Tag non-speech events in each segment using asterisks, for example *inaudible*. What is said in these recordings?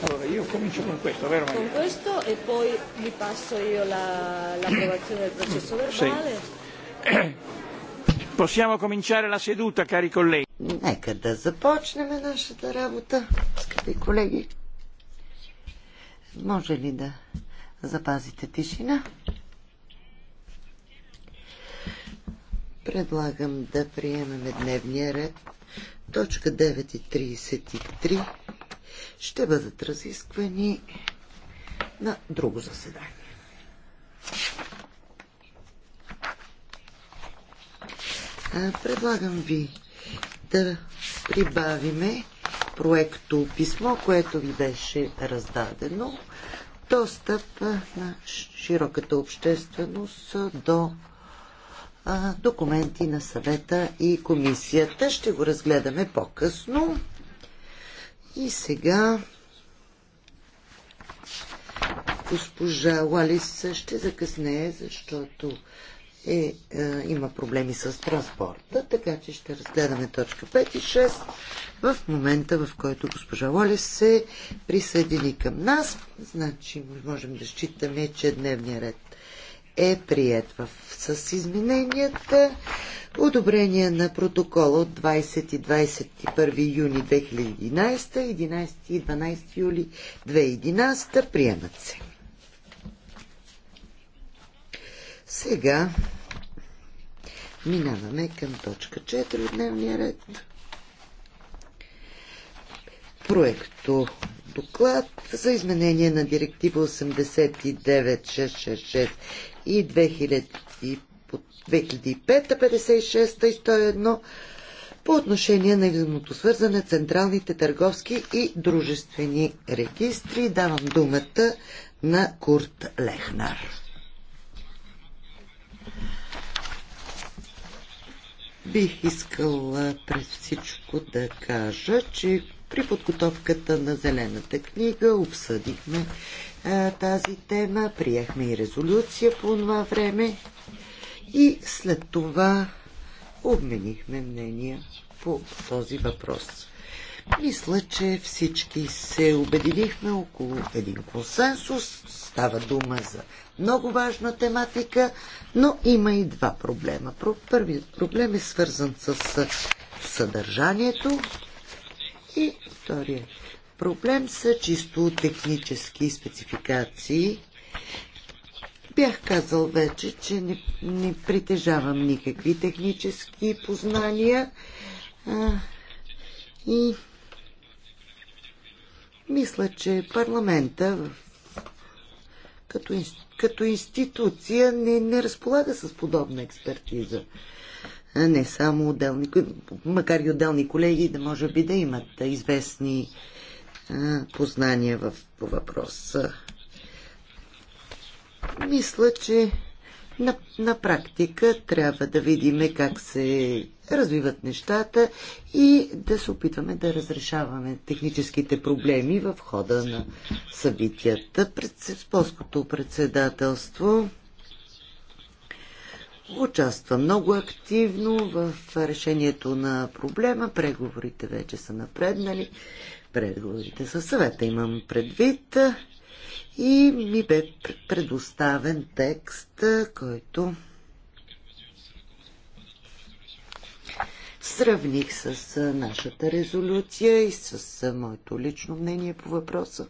Allora, io comincio con questo, vero Maria? Con questo e poi vi passo io l'approvazione del processo verbale. Sì. Possiamo cominciare la seduta, cari colleghi. Нека да започнем нашата работа, скъпи колеги. Може ли да запазите тишина? Предлагам да приемем дневния ред Точка 9.33 ще бъдат разисквани на друго заседание. Предлагам ви да прибавиме проекто писмо, което ви беше раздадено. Достъп на широката общественост до а, документи на съвета и комисията. Ще го разгледаме по-късно. И сега госпожа Лалис ще закъснее, защото е, е, има проблеми с транспорта, така че ще разгледаме точка 5 и 6 в момента, в който госпожа Лолес се присъедини към нас. Значи можем да считаме, че дневния ред е прият в, с измененията. Одобрение на протокола от 20 и 21 юни 2011, 11 и 12 юли 2011 приемат се. Сега минаваме към точка 4 от дневния ред. Проекто доклад за изменение на директива 89666 и 2005, 56 и 101 по отношение на взаимното централните търговски и дружествени регистри. Давам думата на Курт Лехнар. Бих искала през всичко да кажа, че при подготовката на Зелената книга обсъдихме тази тема. Приехме и резолюция по това време. И след това обменихме мнения по този въпрос. Мисля, че всички се обединихме около един консенсус. Става дума за много важна тематика, но има и два проблема. Първият проблем е свързан с съдържанието и вторият проблем са чисто технически спецификации. Бях казал вече, че не, не притежавам никакви технически познания а, и мисля, че парламента в като, като институция не, не разполага с подобна експертиза. Не само отделни, макар и отделни колеги да може би да имат известни познания в, по въпроса. Мисля, че на, на практика трябва да видим как се развиват нещата и да се опитваме да разрешаваме техническите проблеми в хода на събитията. Пред полското председателство участва много активно в решението на проблема. Преговорите вече са напреднали преговорите със съвета, имам предвид. И ми бе предоставен текст, който сравних с нашата резолюция и с моето лично мнение по въпроса.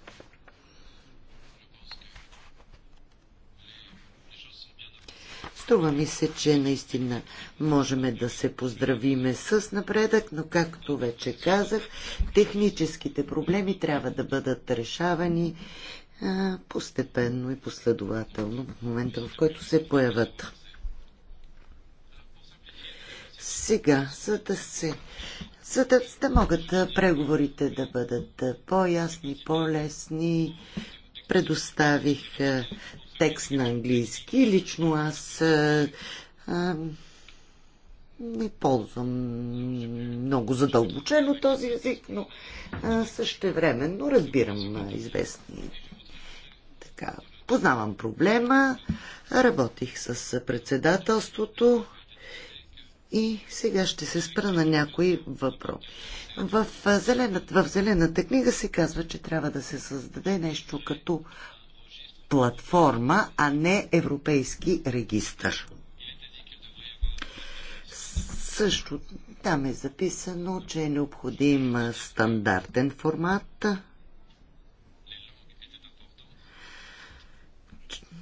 Струва ми се, че наистина можем да се поздравиме с напредък, но както вече казах, техническите проблеми трябва да бъдат решавани а, постепенно и последователно в момента, в който се появят. Сега, за да се за да, да могат преговорите да бъдат по-ясни, по-лесни, предоставих текст на английски. Лично аз а, а, не ползвам много задълбочено този език, но а, същевременно разбирам а, известни. Така, познавам проблема, работих с председателството и сега ще се спра на някои въпроси. В зелената, в зелената книга се казва, че трябва да се създаде нещо като платформа, а не европейски регистър. Също там е записано, че е необходим стандартен формат.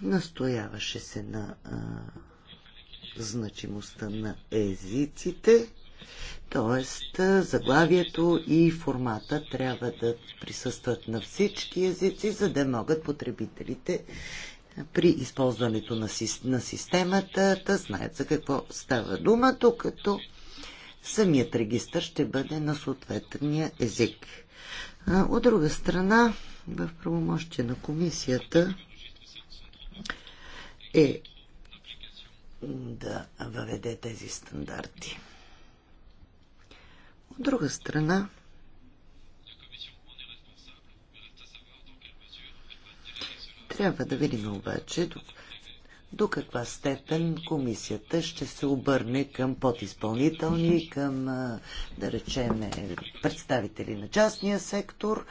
Настояваше се на а, значимостта на езиците Тоест, заглавието и формата трябва да присъстват на всички езици, за да могат потребителите при използването на, системата да знаят за какво става дума, докато самият регистр ще бъде на съответния език. От друга страна, в правомощие на комисията е да въведе тези стандарти. От друга страна, трябва да видим обаче до, до каква степен комисията ще се обърне към подизпълнителни, към, да речем, е, представители на частния сектор,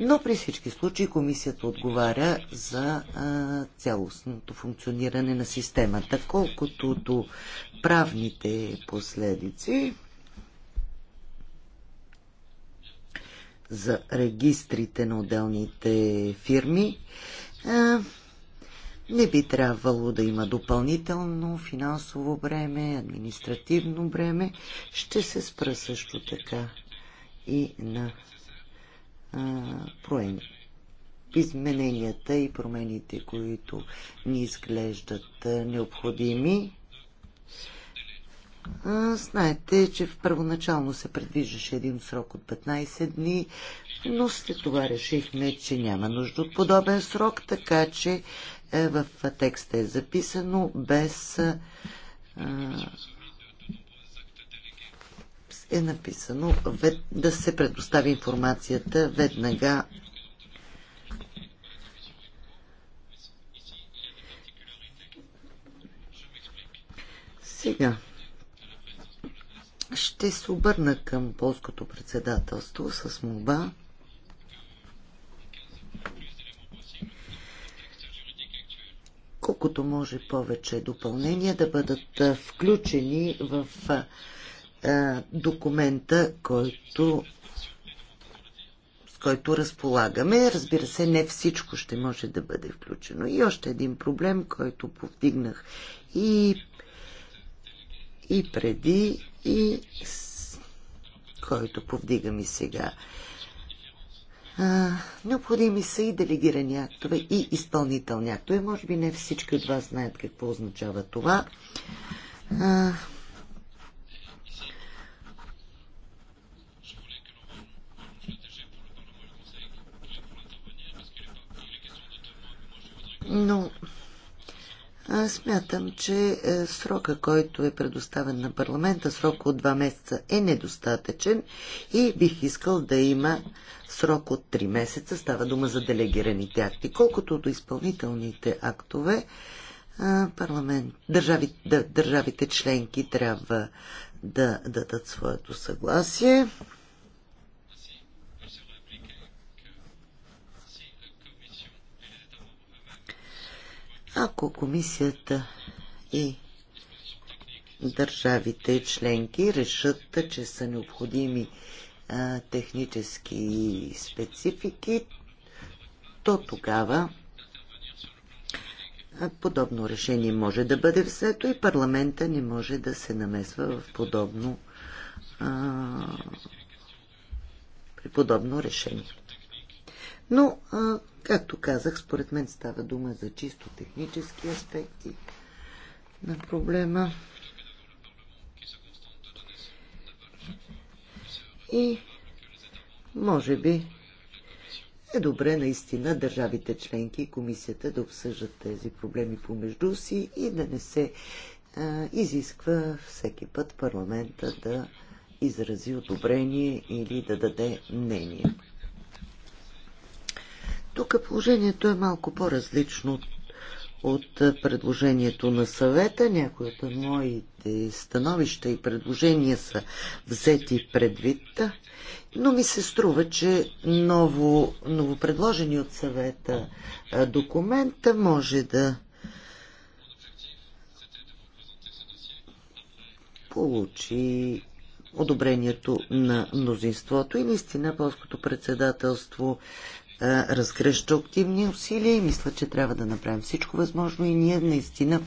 но при всички случаи комисията отговаря за а, цялостното функциониране на системата. Колкото до правните последици, за регистрите на отделните фирми, не би трябвало да има допълнително финансово бреме, административно бреме. Ще се спра също така и на проени. Измененията и промените, които ни изглеждат необходими. Знаете, че в първоначално се предвиждаше един срок от 15 дни, но след това решихме, че няма нужда от подобен срок, така че е, в текста е записано без е написано да се предостави информацията веднага сега. Ще се обърна към полското председателство с молба колкото може повече допълнения да бъдат включени в документа, който с който разполагаме. Разбира се, не всичко ще може да бъде включено. И още един проблем, който повдигнах и и преди, и с... който повдигам и сега. А, необходими са и делегирани актове, и изпълнителни актове. Може би не всички от вас знаят какво означава това. А, но Смятам, че е, срока, който е предоставен на парламента, срок от 2 месеца е недостатъчен и бих искал да има срок от 3 месеца. Става дума за делегираните акти. Колкото до изпълнителните актове, е, парламент, държави, държавите членки трябва да дадат своето съгласие. Ако комисията и държавите членки решат, че са необходими а, технически специфики, то тогава подобно решение може да бъде взето и парламента не може да се намесва в подобно а, при подобно решение. Но а, Както казах, според мен става дума за чисто технически аспекти на проблема. И може би е добре наистина държавите членки и комисията да обсъждат тези проблеми помежду си и да не се а, изисква всеки път парламента да изрази одобрение или да даде мнение. Тук положението е малко по-различно от предложението на съвета. Някои от моите становища и предложения са взети предвид, но ми се струва, че ново, новопредложени от съвета документа може да получи одобрението на мнозинството и наистина полското председателство активни усилия и мисля, че трябва да направим всичко възможно и ние наистина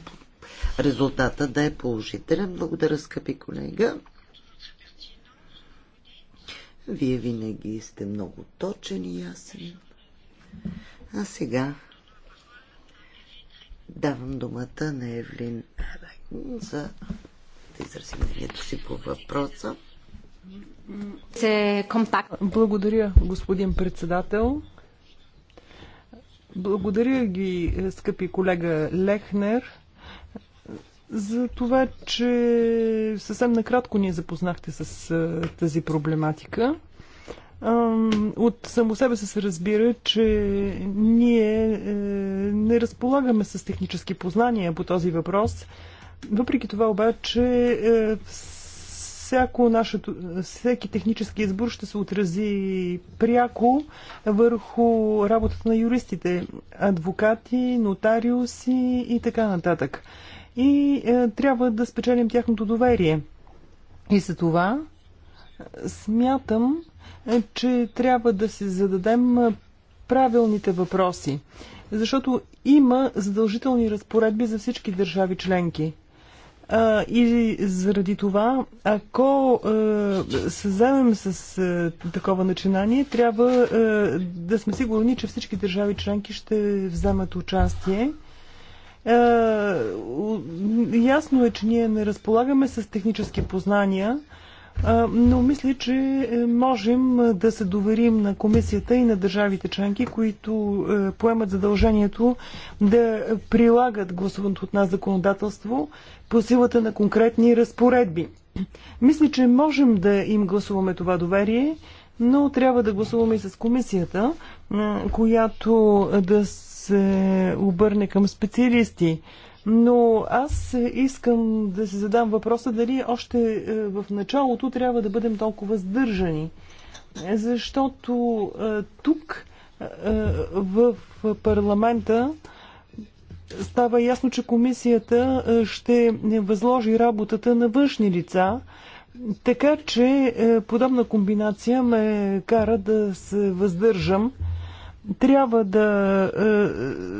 резултата да е положителен. Благодаря, скъпи колега. Вие винаги сте много точен и ясен. А сега давам думата на Евлин за да изразим мнението си по въпроса. Благодаря, господин председател. Благодаря ги, е, скъпи колега Лехнер, за това, че съвсем накратко ни запознахте с е, тази проблематика. От само себе се, се разбира, че ние е, не разполагаме с технически познания по този въпрос. Въпреки това обаче всяко нашето, всеки технически избор ще се отрази пряко върху работата на юристите, адвокати, нотариуси и така нататък. И е, трябва да спечелим тяхното доверие. И за това е, смятам, е, че трябва да си зададем е, правилните въпроси, защото има задължителни разпоредби за всички държави членки – и заради това, ако се вземем с такова начинание, трябва да сме сигурни, че всички държави членки ще вземат участие. Ясно е, че ние не разполагаме с технически познания, но мисля, че е, можем е, да се доверим на комисията и на държавите членки, които е, поемат задължението да прилагат гласуваното от нас законодателство по силата на конкретни разпоредби. Мисля, че можем да им гласуваме това доверие, но трябва да гласуваме и с комисията, която да се обърне към специалисти но аз искам да си задам въпроса дали още е, в началото трябва да бъдем толкова сдържани. Защото е, тук е, в парламента става ясно, че комисията ще възложи работата на външни лица. Така че подобна комбинация ме кара да се въздържам. Трябва да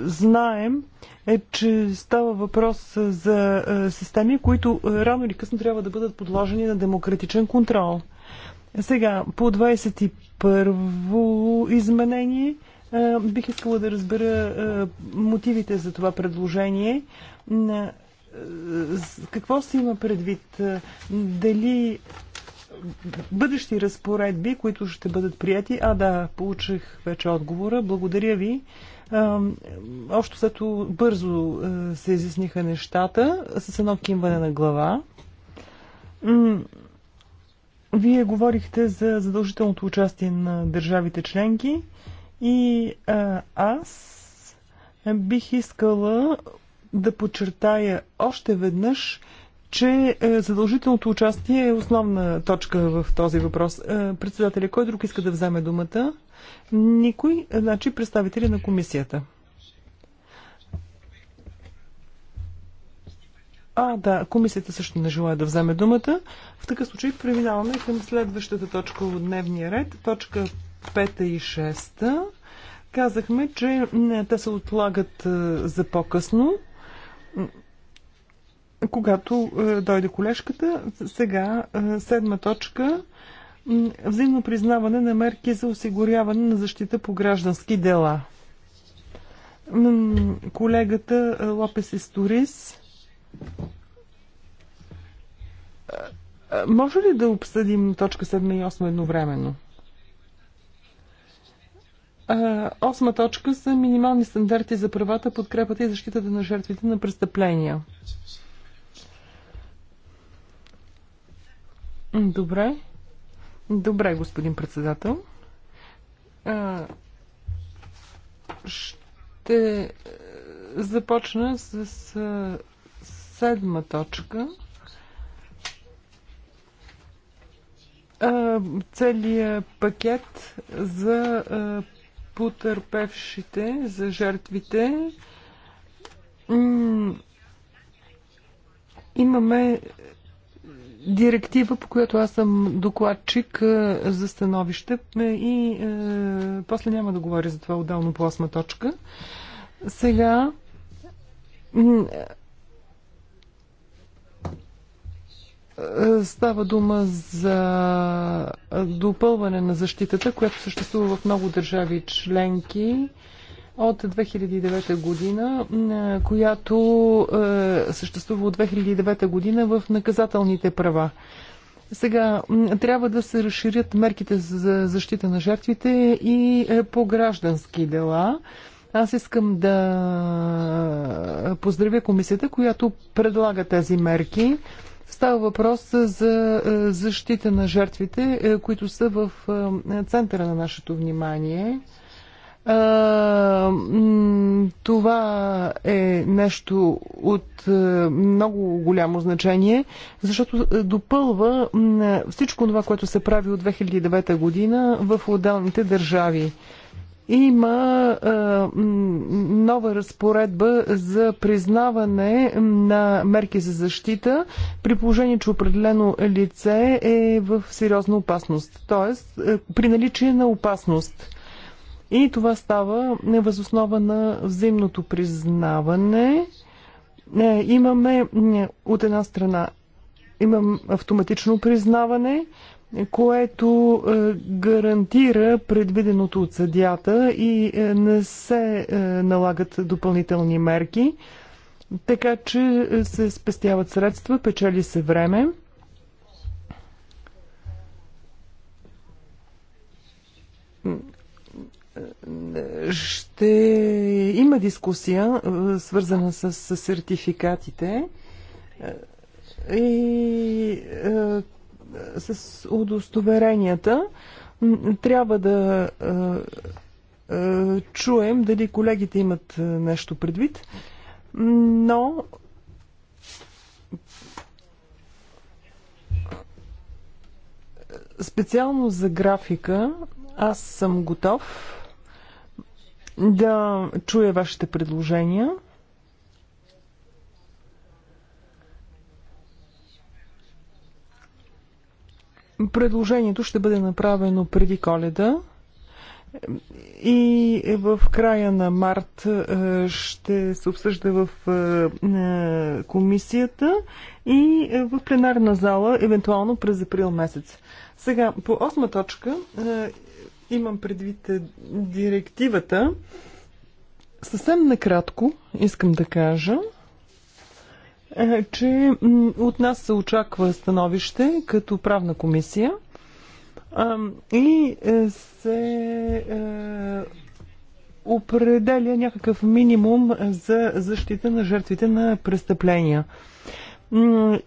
знаем, е, че става въпрос за е, системи, които е, рано или късно трябва да бъдат подложени на демократичен контрол. Сега, по 21-во изменение е, бих искала да разбера мотивите за това предложение. Какво се има предвид? Дали бъдещи разпоредби, които ще бъдат прияти. А да, получих вече отговора. Благодаря ви. Общо след бързо е, се изясниха нещата с едно кимване на глава. Вие говорихте за задължителното участие на държавите членки и а, аз бих искала да подчертая още веднъж, че е, задължителното участие е основна точка в този въпрос. Е, председателя, кой друг иска да вземе думата? Никой, значи представители на комисията. А, да, комисията също не желая да вземе думата. В такъв случай преминаваме към следващата точка от дневния ред, точка 5 и 6. Казахме, че не, те се отлагат е, за по-късно. Когато е, дойде колежката, сега е, седма точка взаимно признаване на мерки за осигуряване на защита по граждански дела. Колегата е, Лопес Историс. Е, е, може ли да обсъдим точка 7 и 8 едновременно? Осма точка са минимални стандарти за правата, подкрепата и защитата на жертвите на престъпления. Добре. Добре, господин председател. Ще е, започна с е, седма точка. Целият пакет за е, потърпевшите, за жертвите. Имаме директива, по която аз съм докладчик за становище и е, после няма да говоря за това отдално по 8 точка. Сега Става дума за допълване на защитата, която съществува в много държави членки от 2009 година, която е, съществува от 2009 година в наказателните права. Сега трябва да се разширят мерките за защита на жертвите и е, по граждански дела. Аз искам да поздравя комисията, която предлага тези мерки. Става въпрос за е, защита на жертвите, е, които са в центъра на нашето внимание това е нещо от е, много голямо значение, защото е, допълва всичко това, което се прави от 2009 година в отделните държави. Има е, нова разпоредба за признаване на мерки за защита при положение, че определено лице е в сериозна опасност, т.е. при наличие на опасност. И това става невъзоснова на взаимното признаване. Е, имаме от една страна имам автоматично признаване, което е, гарантира предвиденото от съдята и е, не се налагат допълнителни мерки, така че се спестяват средства, печели се време ще има дискусия, е, свързана с сертификатите е, и е, с удостоверенията. Трябва да чуем дали колегите имат нещо предвид, но специално за графика аз съм готов да чуя вашите предложения. Предложението ще бъде направено преди коледа и в края на март е, ще се обсъжда в е, е, комисията и в пленарна зала, евентуално през април месец. Сега, по осма точка Имам предвид е, директивата. Съвсем накратко искам да кажа, е, че от нас се очаква становище като правна комисия и е, се определя някакъв минимум за защита на жертвите на престъпления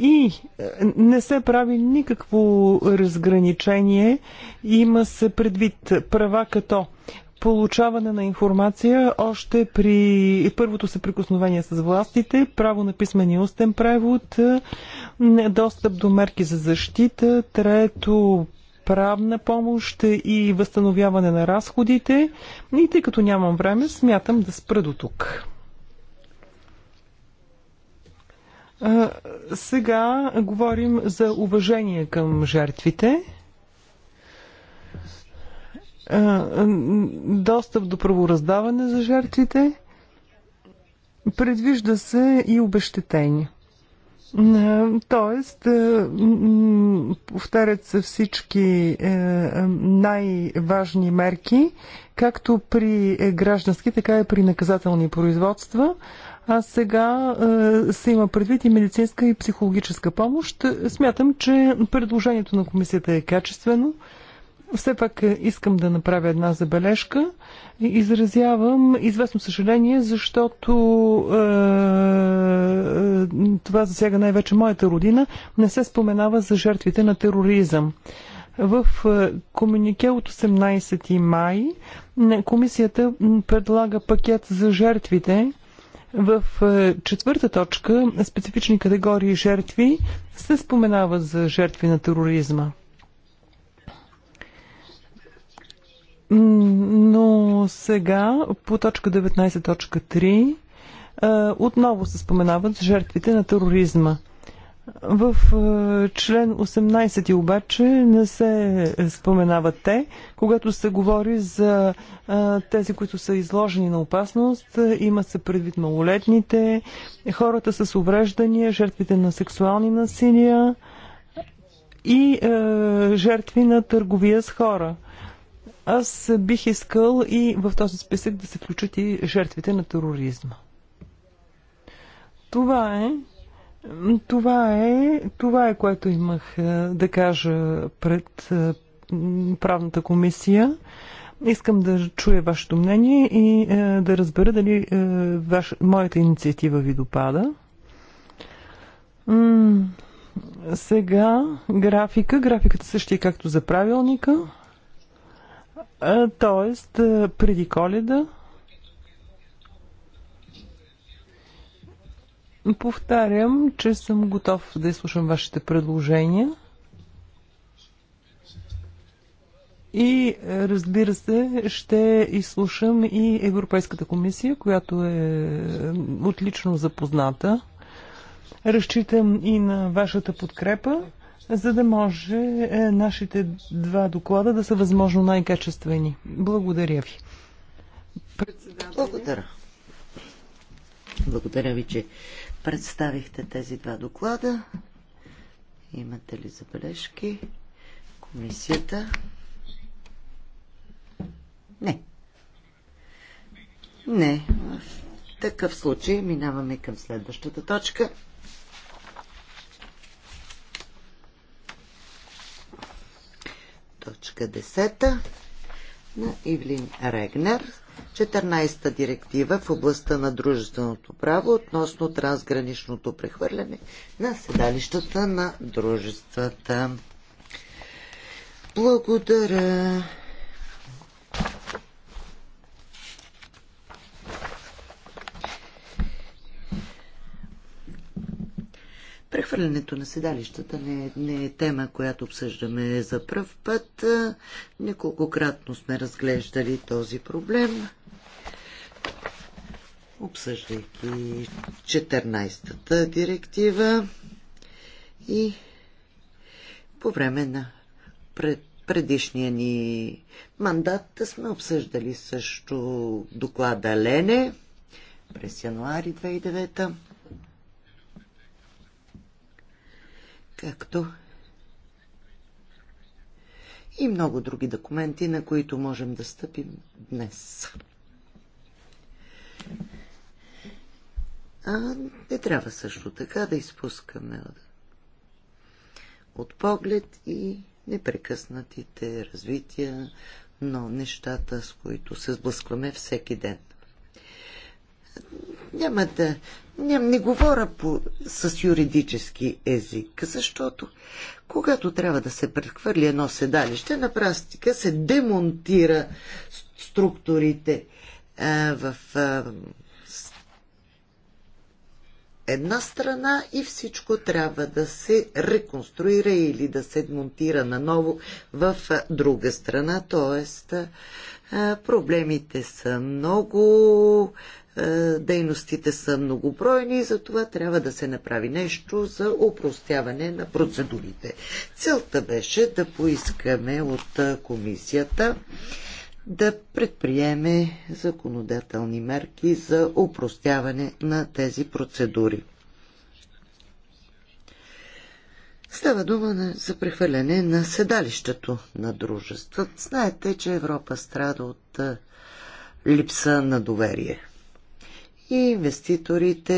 и е, не се прави никакво разграничение. Има се предвид права като получаване на информация още при първото съприкосновение с властите, право на писмен и устен превод, достъп до мерки за защита, трето правна помощ и възстановяване на разходите. И тъй като нямам време, смятам да спра до тук. Сега говорим за уважение към жертвите достъп до правораздаване за жертвите. Предвижда се и обещетение. Тоест, повтарят се всички е, е, най-важни мерки, както при е, граждански, така и при наказателни производства. А сега се има предвид и медицинска и психологическа помощ. Смятам, че предложението на комисията е качествено все пак е, искам да направя една забележка. Изразявам известно съжаление, защото е, е, това засяга най-вече моята родина. Не се споменава за жертвите на тероризъм. В е, комюнике от 18 май комисията предлага пакет за жертвите. В е, четвърта точка специфични категории жертви се споменава за жертви на тероризма. Но сега по точка 19.3 отново се споменават жертвите на тероризма. В член 18 обаче не се споменават те, когато се говори за тези, които са изложени на опасност, има се предвид малолетните, хората с увреждания, жертвите на сексуални насилия и жертви на търговия с хора. Аз бих искал и в този списък да се включат и жертвите на тероризма. Това е. Това е, това е което имах е, да кажа пред е, правната комисия. Искам да чуя вашето мнение и е, да разбера дали ваш, моята инициатива ви допада. сега графика. Графиката същия както за правилника. Тоест, преди коледа повтарям, че съм готов да изслушам вашите предложения. И разбира се, ще изслушам и Европейската комисия, която е отлично запозната. Разчитам и на вашата подкрепа за да може е, нашите два доклада да са възможно най-качествени. Благодаря ви. Благодаря. Благодаря ви, че представихте тези два доклада. Имате ли забележки? Комисията? Не. Не. В такъв случай минаваме към следващата точка. Точка 10 на Ивлин Регнер. 14-та директива в областта на дружественото право относно трансграничното прехвърляне на седалищата на дружествата. Благодаря. Прехвърлянето на седалищата не е, не е тема, която обсъждаме за пръв път. Неколкократно сме разглеждали този проблем, обсъждайки 14-та директива и по време на пред предишния ни мандат сме обсъждали също доклада Лене през януари 2009 както и много други документи, на които можем да стъпим днес. А не трябва също така да изпускаме от поглед и непрекъснатите развития но нещата, с които се сблъскваме всеки ден. Няма да не, не говоря по, с юридически език, защото когато трябва да се прехвърли едно седалище, на практика се демонтира структурите а, в а, една страна и всичко трябва да се реконструира или да се монтира наново в друга страна. Тоест, проблемите са много е, дейностите са многобройни и затова трябва да се направи нещо за упростяване на процедурите. Целта беше да поискаме от е, комисията да предприеме законодателни мерки за упростяване на тези процедури. Става дума за прехвърляне на седалището на дружества. Знаете, че Европа страда от е, липса на доверие и инвеститорите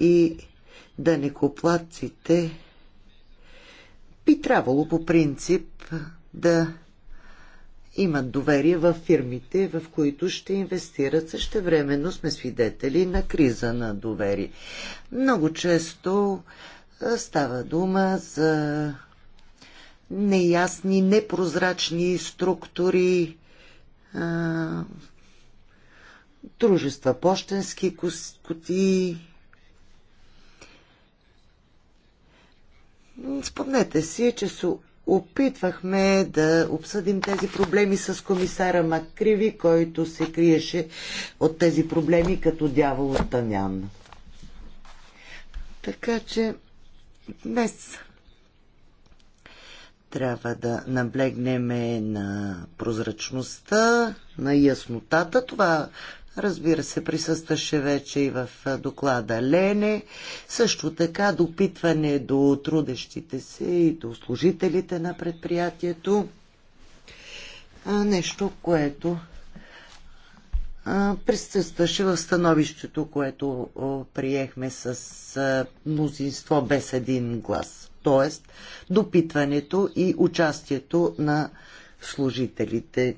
и данекоплатците би трябвало по принцип да имат доверие в фирмите, в които ще инвестират. Същевременно сме свидетели на криза на доверие. Много често става дума за неясни, непрозрачни структури, дружества, почтенски кутии. Спомнете си, че се опитвахме да обсъдим тези проблеми с комисара Макриви, който се криеше от тези проблеми като дявол от Танян. Така че днес трябва да наблегнем на прозрачността, на яснотата. Това Разбира се, присъстваше вече и в доклада Лене. Също така допитване до трудещите се и до служителите на предприятието. Нещо, което присъстваше в становището, което приехме с мнозинство без един глас. Тоест, допитването и участието на служителите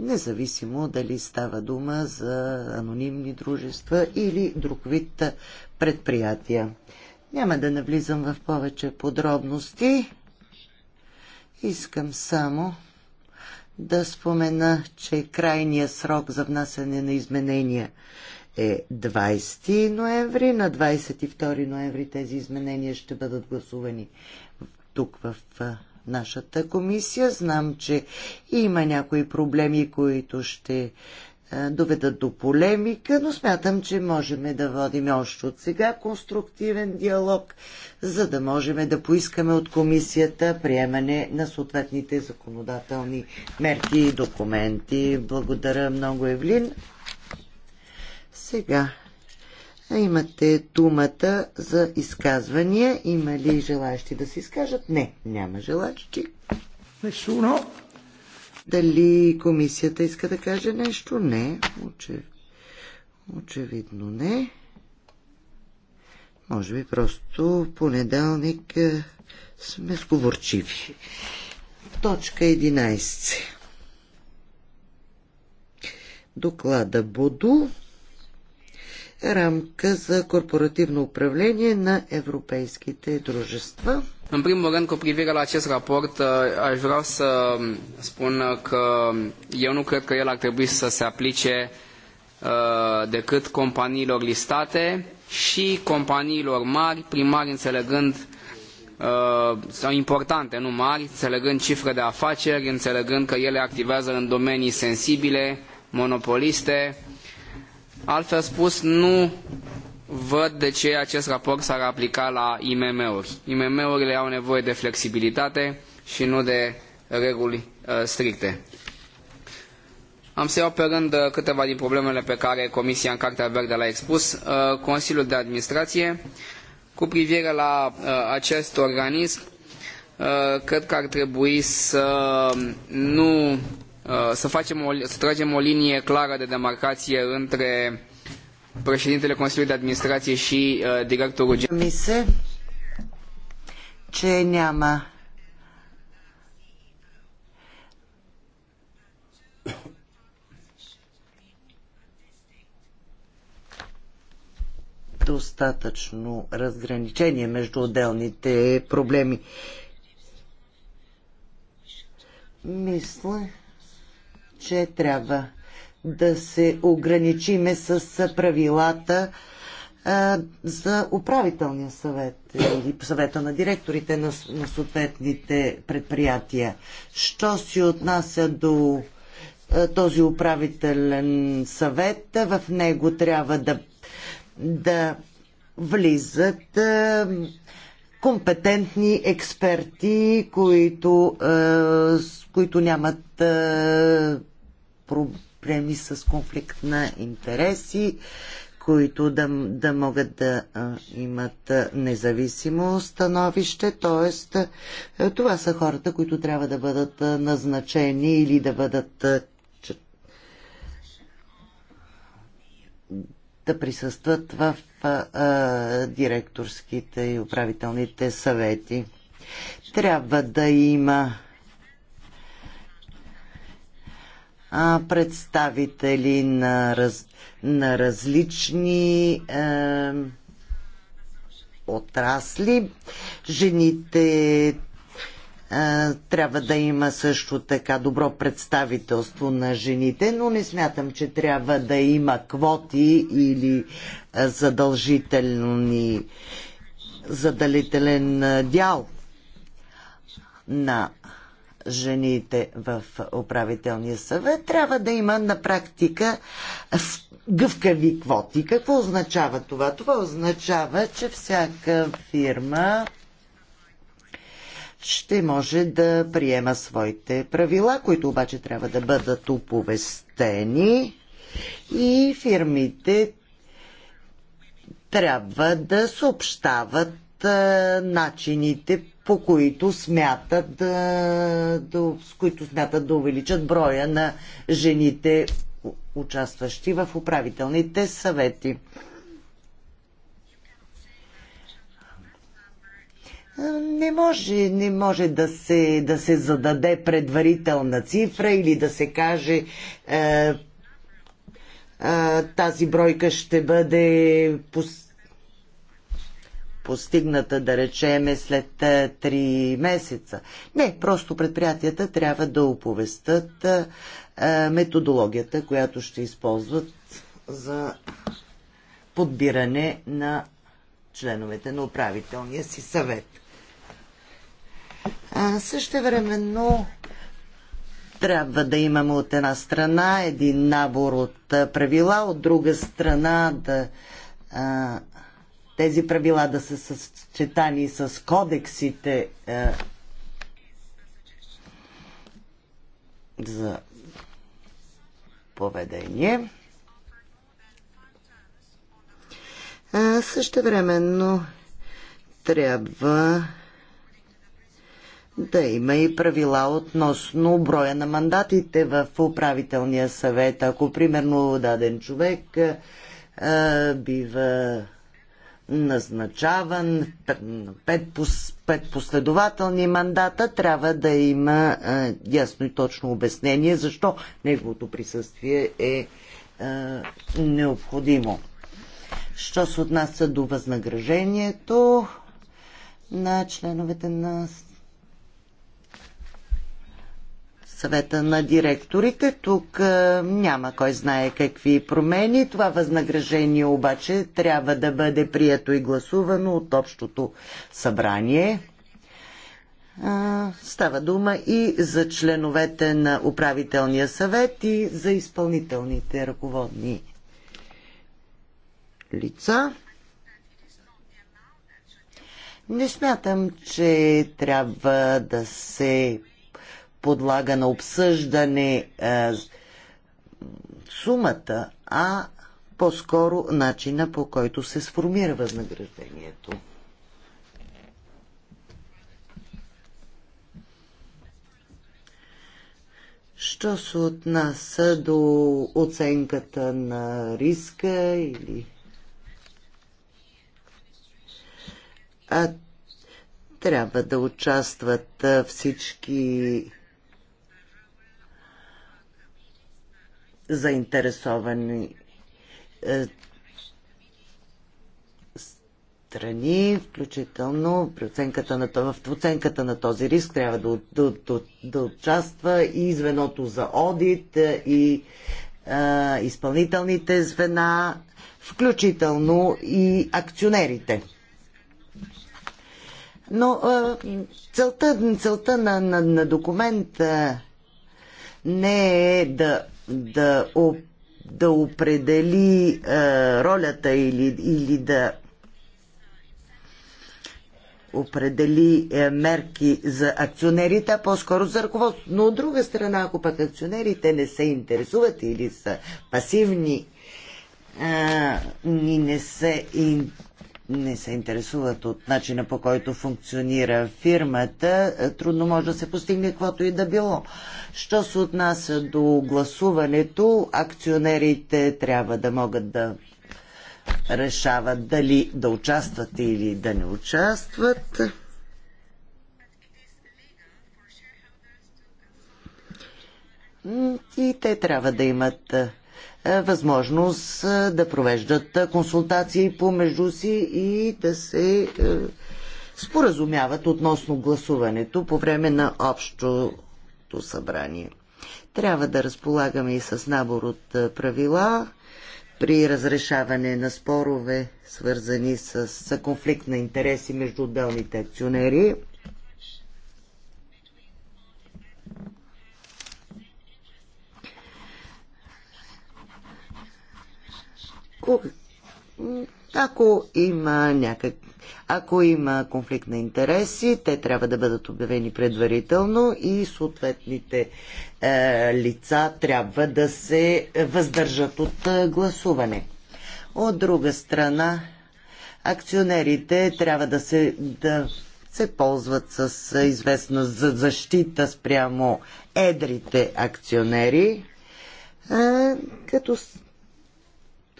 независимо дали става дума за анонимни дружества или друг вид предприятия. Няма да навлизам в повече подробности. Искам само да спомена, че крайният срок за внасяне на изменения е 20 ноември. На 22 ноември тези изменения ще бъдат гласувани тук в нашата комисия. Знам, че има някои проблеми, които ще е, доведат до полемика, но смятам, че можем да водим още от сега конструктивен диалог, за да можем да поискаме от комисията приемане на съответните законодателни мерки и документи. Благодаря много, Евлин. Сега Имате думата за изказвания. Има ли желащи да се изкажат? Не, няма желащи. Несуно. Дали комисията иска да каже нещо? Не. Очев... Очевидно не. Може би просто понеделник е, сме сговорчиви. Точка 11. Доклада Буду рамка за корпоративно управление на европейските дружества. În primul rând, cu privire la acest raport, aș vrea să spun că eu nu cred că el ar trebui să se aplice decât companiilor listate și companiilor mari, primari înțelegând sau importante, nu mari, înțelegând cifre de afaceri, înțelegând că ele activează în domenii sensibile, monopoliste, Altfel spus, nu văd de ce acest raport s-ar aplica la IMM-uri. IMM-urile au nevoie de flexibilitate și nu de reguli stricte. Am să iau pe rând câteva din problemele pe care Comisia în Cartea Verde le-a expus. Consiliul de Administrație, cu privire la acest organism, cred că ar trebui să nu să, facem o, să tragem o linie clară de demarcație între președintele Consiliului de Administrație și uh, directorul general. ce neamă? достатъчно разграничение между отделните проблеми. Мисля, че трябва да се ограничиме с правилата за управителния съвет или съвета на директорите на, на съответните предприятия. Що си отнася до а, този управителен съвет, в него трябва да, да влизат а, компетентни експерти, които, които нямат проблеми с конфликт на интереси, които да, да могат да а, имат независимо становище, т.е. това са хората, които трябва да бъдат назначени или да бъдат да присъстват в а, а, директорските и управителните съвети. Трябва да има а, представители на, раз, на различни а, е, отрасли. Жените е, трябва да има също така добро представителство на жените, но не смятам, че трябва да има квоти или е, задължителни задалителен дял на жените в управителния съвет, трябва да има на практика гъвкави квоти. Какво означава това? Това означава, че всяка фирма ще може да приема своите правила, които обаче трябва да бъдат оповестени и фирмите трябва да съобщават начините, по които смятат да, да, с които смятат да увеличат броя на жените, участващи в управителните съвети. Не може, не може да, се, да се зададе предварителна цифра или да се каже е, е, тази бройка ще бъде пос постигната, да речеме, след 3 е, месеца. Не, просто предприятията трябва да оповестят е, е, методологията, която ще използват за подбиране на членовете на управителния си съвет. А също времено трябва да имаме от една страна един набор от правила, от друга страна да тези правила да са съчетани с кодексите е, за поведение. А също времено трябва да има и правила относно броя на мандатите в управителния съвет. Ако примерно даден човек е, е бива назначаван, пет, пет последователни мандата, трябва да има ясно и точно обяснение защо неговото присъствие е, е необходимо. Що се отнася до възнаграждението на членовете на съвета на директорите. Тук е, няма кой знае какви промени. Това възнаграждение обаче трябва да бъде прието и гласувано от общото събрание. Е, става дума и за членовете на управителния съвет и за изпълнителните ръководни лица. Не смятам, че трябва да се подлага на обсъждане а, е, сумата, а по-скоро начина по който се сформира възнаграждението. Що се отнася до оценката на риска или... А трябва да участват всички заинтересовани е, страни, включително при оценката на, в оценката на този риск трябва да, да, да, да участва и звеното за одит е, и а, е, изпълнителните звена, включително и акционерите. Но а, целта, целта на, на, на документа не е да да, да определи а, е, ролята или, или да определи е, мерки за акционерите, а по-скоро за ръководство. Но от друга страна, ако пък акционерите не се интересуват или са пасивни а, е, и не се интересуват, не се интересуват от начина по който функционира фирмата, е, трудно може да се постигне каквото и да било. Що се отнася до гласуването, акционерите трябва да могат да решават дали да участват или да не участват. И те трябва да имат е, е, възможност е, да провеждат е, консултации помежду си и да се споразумяват относно гласуването по време на общото събрание. Трябва да разполагаме и с набор от правила при разрешаване на спорове, свързани с конфликт на интереси между отделните акционери ако има някак... Ако има конфликт на интереси, те трябва да бъдат обявени предварително и съответните е, лица трябва да се въздържат от е, гласуване. От друга страна, акционерите трябва да се, да се ползват с е, известна защита спрямо едрите акционери, е, като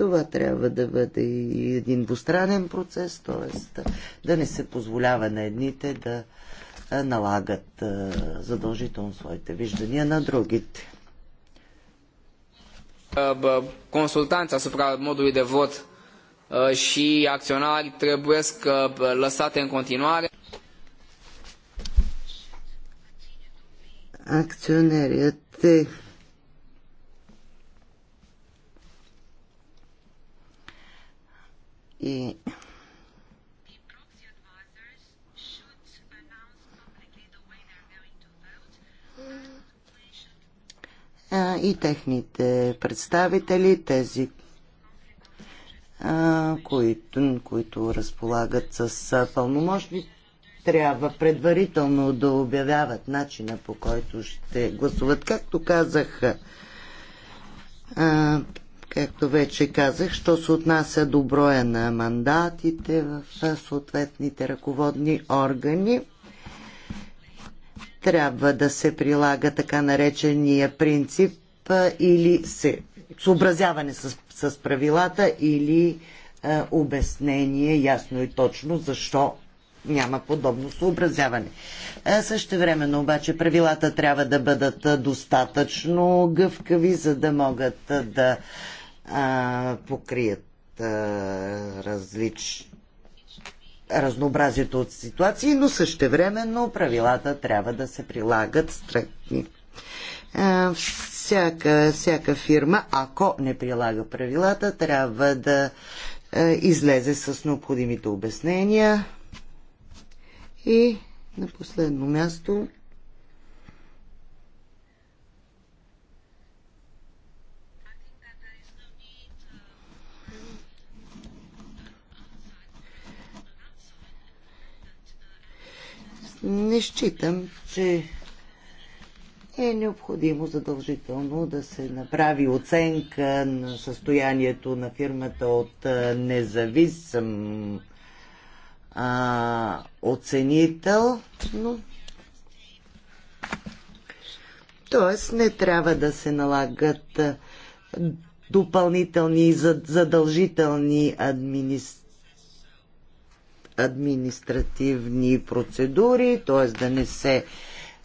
това трябва да бъде и един двустранен процес, т.е. да не се позволява на едните да налагат задължително своите виждания на другите. Consultanți asupra modului de vot și acționari trebuie lăsate în continuare. Акционерият е И и техните представители, тези, които, които разполагат с пълномощни, трябва предварително да обявяват начина по който ще гласуват. Както казах, Както вече казах, що се отнася до броя на мандатите в съответните ръководни органи, трябва да се прилага така наречения принцип или се, съобразяване с, с правилата или е, обяснение ясно и точно защо няма подобно съобразяване. Също времено обаче правилата трябва да бъдат достатъчно гъвкави, за да могат да а, покрият а, различ, разнообразието от ситуации, но същевременно правилата трябва да се прилагат стрикни. Всяка, всяка фирма, ако не прилага правилата, трябва да а, излезе с необходимите обяснения. И на последно място Не считам, че е необходимо задължително да се направи оценка на състоянието на фирмата от независим а, оценител, но Тоест не трябва да се налагат допълнителни и задължителни администрации административни процедури, т.е. да не се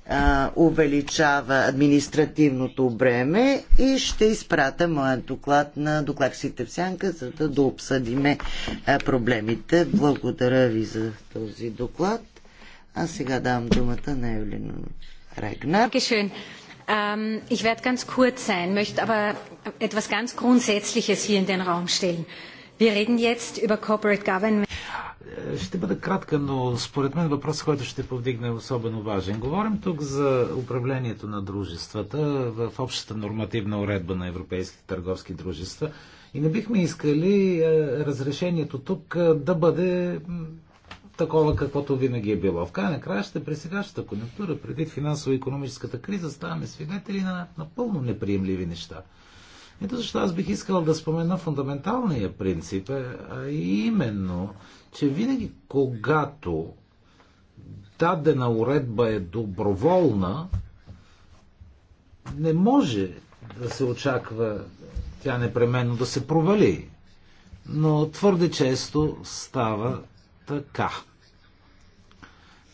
а, увеличава административното бреме и ще изпрата моят доклад на докладчиците в сянка, за да дообсъдиме а, проблемите. Благодаря ви за този доклад. А сега давам думата на Евлина Регнар. Ich werde ganz kurz sein, möchte aber etwas ganz Grundsätzliches hier in den Raum stellen. Ще бъда кратка, но според мен въпросът, който ще повдигне е особено важен. Говорим тук за управлението на дружествата в общата нормативна уредба на европейските търговски дружества и не бихме искали е, разрешението тук е, да бъде такова, каквото винаги е било. В край на края ще при сегашната конъюнктура, преди финансово-економическата криза, ставаме свидетели на напълно неприемливи неща. Ето защо аз бих искал да спомена фундаменталния принцип, а именно, че винаги когато дадена уредба е доброволна, не може да се очаква тя непременно да се провали. Но твърде често става така.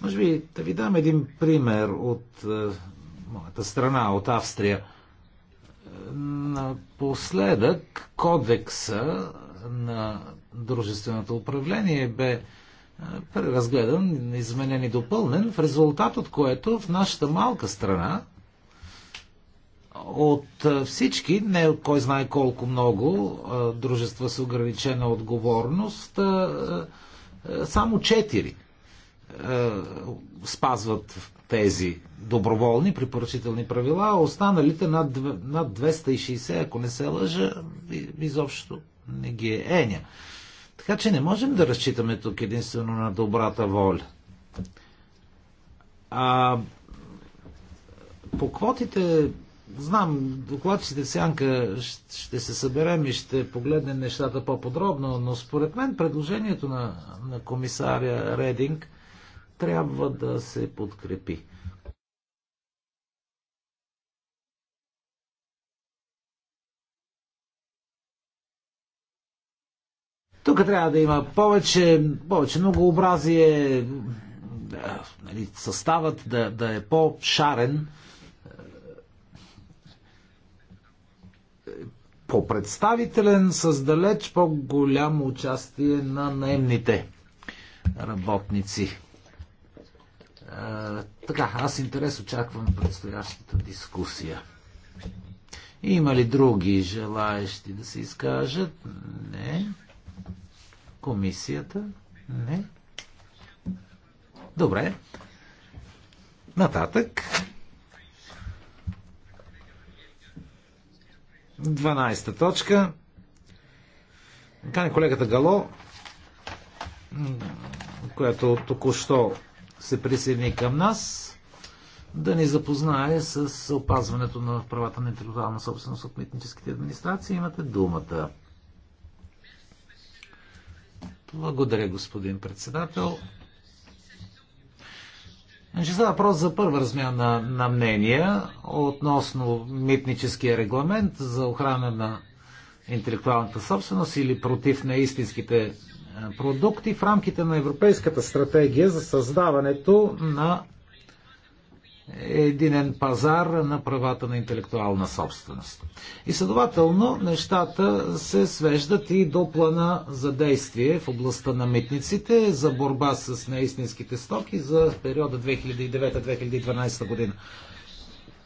Може би да ви дам един пример от е, моята страна, от Австрия – Напоследък кодекса на дружественото управление бе е, преразгледан, изменен и допълнен, в резултат от което в нашата малка страна от е, всички, не от кой знае колко много е, дружества с ограничена отговорност, само четири е, спазват тези доброволни препоръчителни правила, а останалите над, над 260, ако не се лъжа, изобщо не ги е еня. Така че не можем да разчитаме тук единствено на добрата воля. А, по квотите, знам, докладчите Сянка ще се съберем и ще погледнем нещата по-подробно, но според мен предложението на, на комисаря Рединг – трябва да се подкрепи. Тук трябва да има повече, повече многообразие, нали, съставът да, да е по-шарен, по-представителен, с далеч по-голямо участие на наемните работници така, аз интерес очаквам предстоящата дискусия. Има ли други желаещи да се изкажат? Не. Комисията? Не. Добре. Нататък. 12 точка. Кане колегата Гало, която току-що се присъедини към нас, да ни запознае с опазването на правата на интелектуална собственост от митническите администрации. Имате думата. Благодаря, господин председател. Ще става въпрос за първа размяна на мнения относно митническия регламент за охрана на интелектуалната собственост или против на истинските продукти в рамките на Европейската стратегия за създаването на единен пазар на правата на интелектуална собственост. И следователно нещата се свеждат и до плана за действие в областта на митниците за борба с неистинските стоки за периода 2009-2012 година.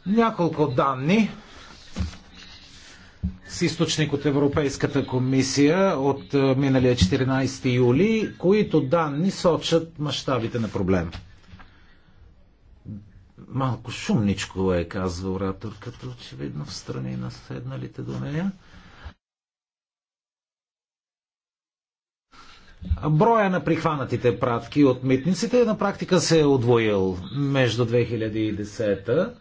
Няколко данни с източник от Европейската комисия от е, миналия 14 юли, които данни сочат мащабите на проблема. Малко шумничко е, казва ораторката, очевидно в страни на седналите до нея. Броя на прихванатите пратки от митниците на практика се е удвоил между 2010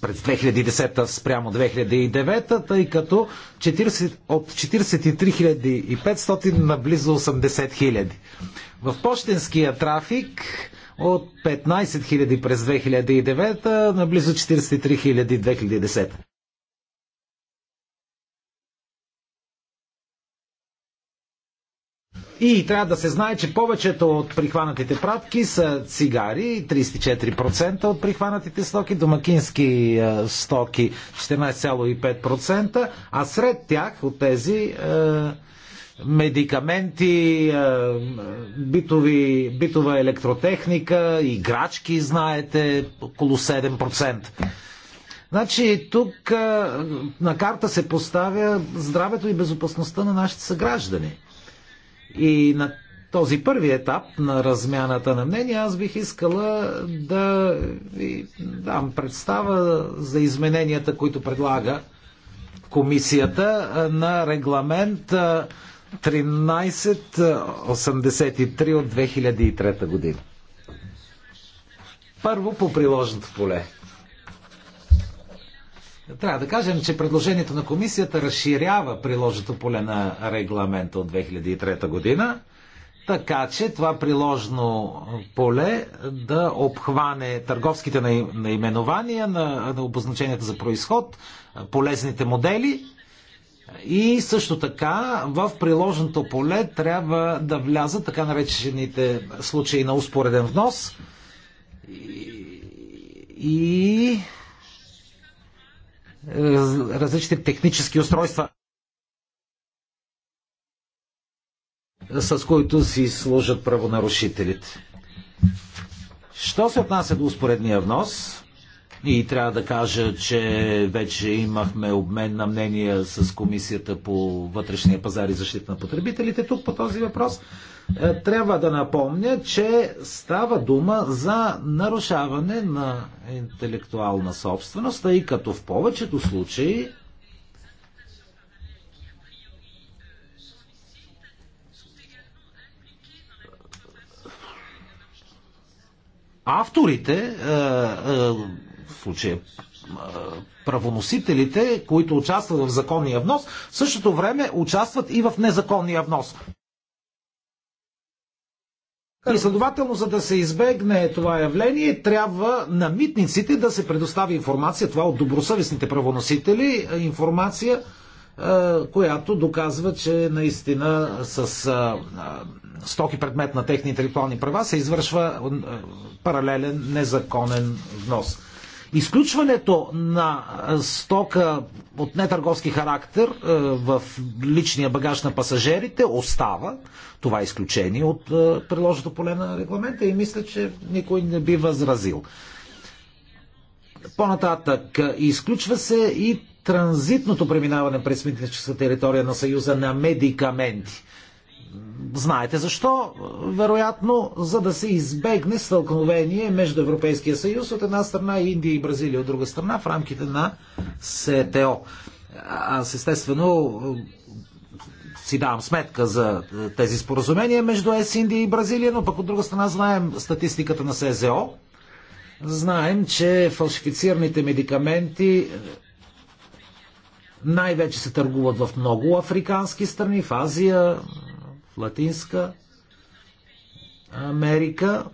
през 2010 спрямо 2009, тъй като 40, от 43 500 на близо 80 000. В почтенския трафик от 15 000 през 2009 на близо 43 000 2010. И трябва да се знае, че повечето от прихванатите пратки са цигари, 34% от прихванатите стоки, домакински е, стоки 14,5%, а сред тях от тези е, медикаменти, е, битови, битова електротехника, играчки, знаете, около 7%. Значи тук на карта се поставя здравето и безопасността на нашите съграждани. И на този първи етап на размяната на мнения, аз бих искала да ви дам представа за измененията, които предлага комисията на регламент 1383 от 2003 година. Първо по приложното поле. Трябва да кажем, че предложението на комисията разширява приложното поле на регламента от 2003 година, така че това приложно поле да обхване търговските наименования на, на обозначенията за происход, полезните модели и също така в приложното поле трябва да влязат така наречените случаи на успореден внос и, и различни технически устройства, с които си служат правонарушителите. Що се отнася до успоредния внос? И трябва да кажа, че вече имахме обмен на мнения с Комисията по вътрешния пазар и защита на потребителите тук по този въпрос. Е, трябва да напомня, че става дума за нарушаване на интелектуална собственост, тъй като в повечето случаи авторите е, е, случая правоносителите, които участват в законния внос, в същото време участват и в незаконния внос. И следователно, за да се избегне това явление, трябва на митниците да се предостави информация, това е от добросъвестните правоносители, информация, която доказва, че наистина с стоки предмет на техни интелектуални права се извършва паралелен незаконен внос. Изключването на стока от нетърговски характер в личния багаж на пасажирите остава. Това е изключение от приложното поле на регламента и мисля, че никой не би възразил. По-нататък изключва се и транзитното преминаване през митническа територия на Съюза на медикаменти. Знаете защо? Вероятно, за да се избегне стълкновение между Европейския съюз от една страна и Индия и Бразилия от друга страна в рамките на СТО. Аз естествено си давам сметка за тези споразумения между ЕС, Индия и Бразилия, но пък от друга страна знаем статистиката на СЗО. Знаем, че фалшифицираните медикаменти най-вече се търгуват в много африкански страни, в Азия, в Латинска Америка,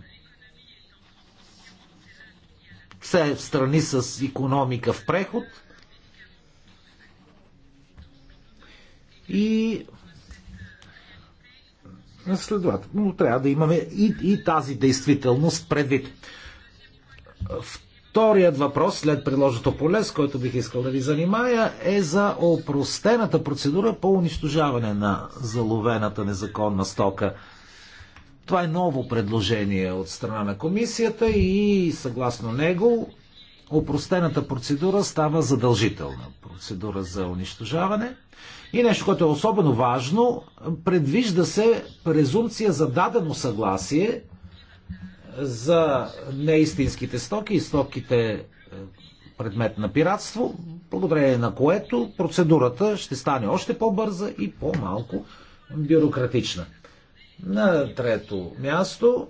все в страни с економика в преход и следователно трябва да имаме и, и тази действителност предвид. В Вторият въпрос след предложето поле, с който бих искал да ви занимая, е за опростената процедура по унищожаване на заловената незаконна стока. Това е ново предложение от страна на комисията и съгласно него опростената процедура става задължителна. Процедура за унищожаване. И нещо, което е особено важно, предвижда се презумпция за дадено съгласие – за неистинските стоки и стоките е, предмет на пиратство, благодарение на което процедурата ще стане още по-бърза и по-малко бюрократична. На трето място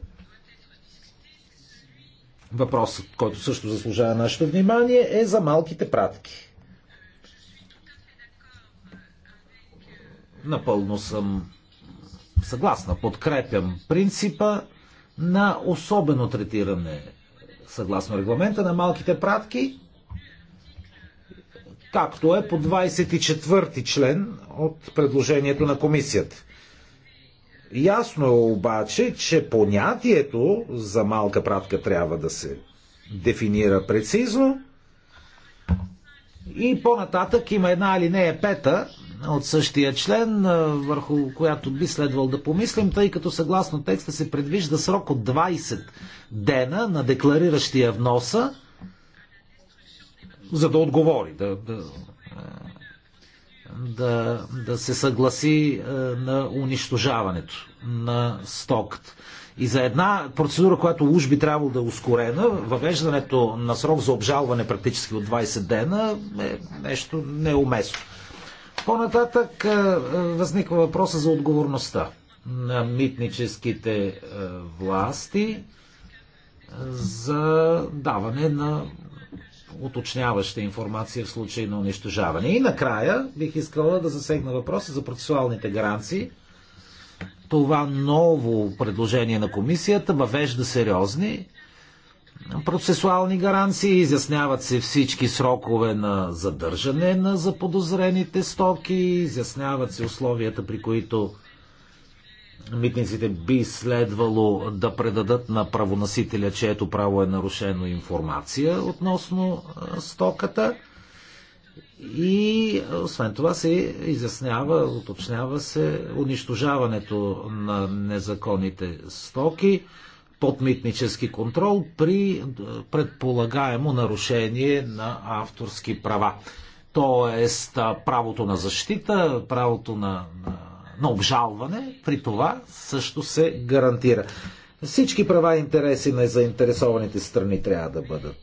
въпросът, който също заслужава нашето внимание, е за малките пратки. Напълно съм съгласна, подкрепям принципа на особено третиране съгласно регламента на малките пратки, както е по 24 ти член от предложението на комисията. Ясно е обаче, че понятието за малка пратка трябва да се дефинира прецизно. И по-нататък има една алинея пета, от същия член, върху която би следвал да помислим, тъй като съгласно текста се предвижда срок от 20 дена на деклариращия вноса, за да отговори, да, да, да, да се съгласи на унищожаването на стоката. И за една процедура, която уж би трябвало да е ускорена, въвеждането на срок за обжалване практически от 20 дена е нещо неуместно. По-нататък възниква въпроса за отговорността на митническите власти за даване на уточняваща информация в случай на унищожаване. И накрая бих искала да засегна въпроса за процесуалните гаранции. Това ново предложение на комисията въвежда сериозни процесуални гаранции, изясняват се всички срокове на задържане на заподозрените стоки, изясняват се условията, при които митниците би следвало да предадат на правонасителя, чието право е нарушено информация относно стоката. И освен това се изяснява, уточнява се унищожаването на незаконните стоки подмитнически контрол при е, предполагаемо нарушение на авторски права. Тоест е, правото на защита, правото на, на, на обжалване, при това също се гарантира. Всички права и интереси на заинтересованите страни трябва да бъдат е,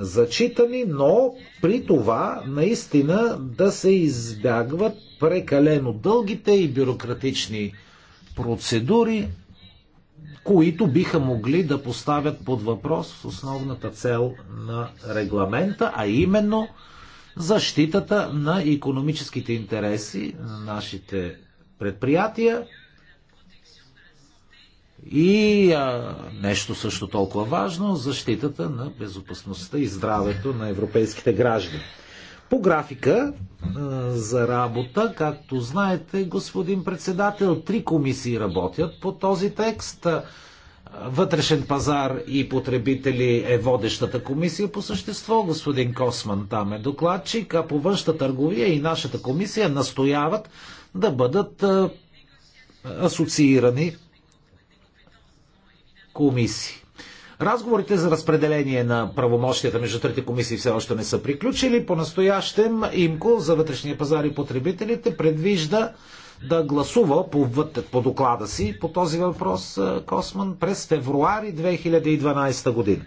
зачитани, но при това наистина да се избягват прекалено дългите и бюрократични процедури, които биха могли да поставят под въпрос основната цел на регламента, а именно защитата на економическите интереси на нашите предприятия и а, нещо също толкова важно защитата на безопасността и здравето на европейските граждани. По графика за работа, както знаете, господин председател, три комисии работят по този текст. Вътрешен пазар и потребители е водещата комисия по същество. Господин Косман там е докладчик, а по външната търговия и нашата комисия настояват да бъдат асоциирани комисии. Разговорите за разпределение на правомощията между трите комисии все още не са приключили. По-настоящем ИМКО за вътрешния пазар и потребителите предвижда да гласува по, по доклада си по този въпрос Косман през февруари 2012 година.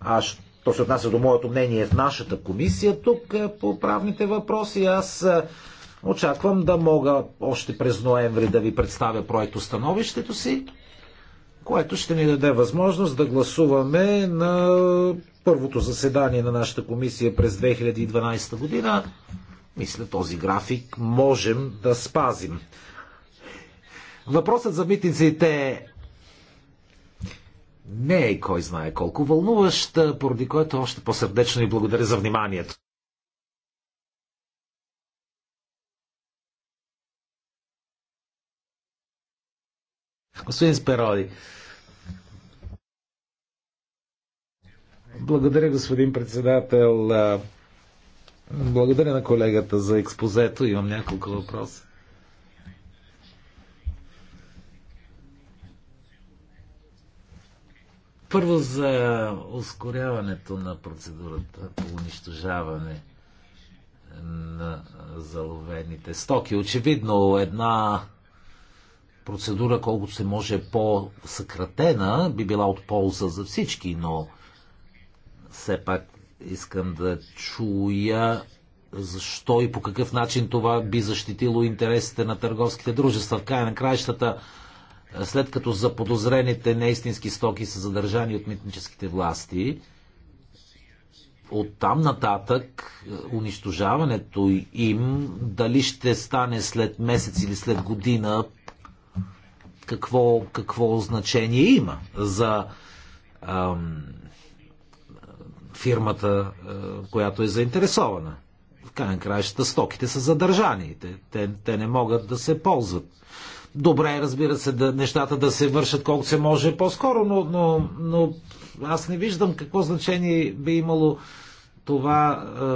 А що се отнася до моето мнение в нашата комисия тук по правните въпроси, аз очаквам да мога още през ноември да ви представя проекто становището си което ще ни даде възможност да гласуваме на първото заседание на нашата комисия през 2012 година. Мисля, този график можем да спазим. Въпросът за митниците е, не е кой знае колко вълнуващ, поради което още по-сърдечно ви благодаря за вниманието. Господин Спероди, Благодаря, господин председател. Благодаря на колегата за експозето. Имам няколко въпроса. Първо за ускоряването на процедурата по унищожаване на заловените стоки. Очевидно, една процедура, колкото се може по-съкратена, би била от полза за всички, но все пак искам да чуя защо и по какъв начин това би защитило интересите на търговските дружества. В края на краищата, след като заподозрените неистински стоки са задържани от митническите власти, от там нататък е, унищожаването им, дали ще стане след месец или след година, какво, какво значение има за ам, фирмата, е, която е заинтересована. В крайна краищата стоките са задържани. Те, те, те не могат да се ползват. Добре е, разбира се, да, нещата да се вършат колкото се може по-скоро, но, но, но аз не виждам какво значение би имало това е,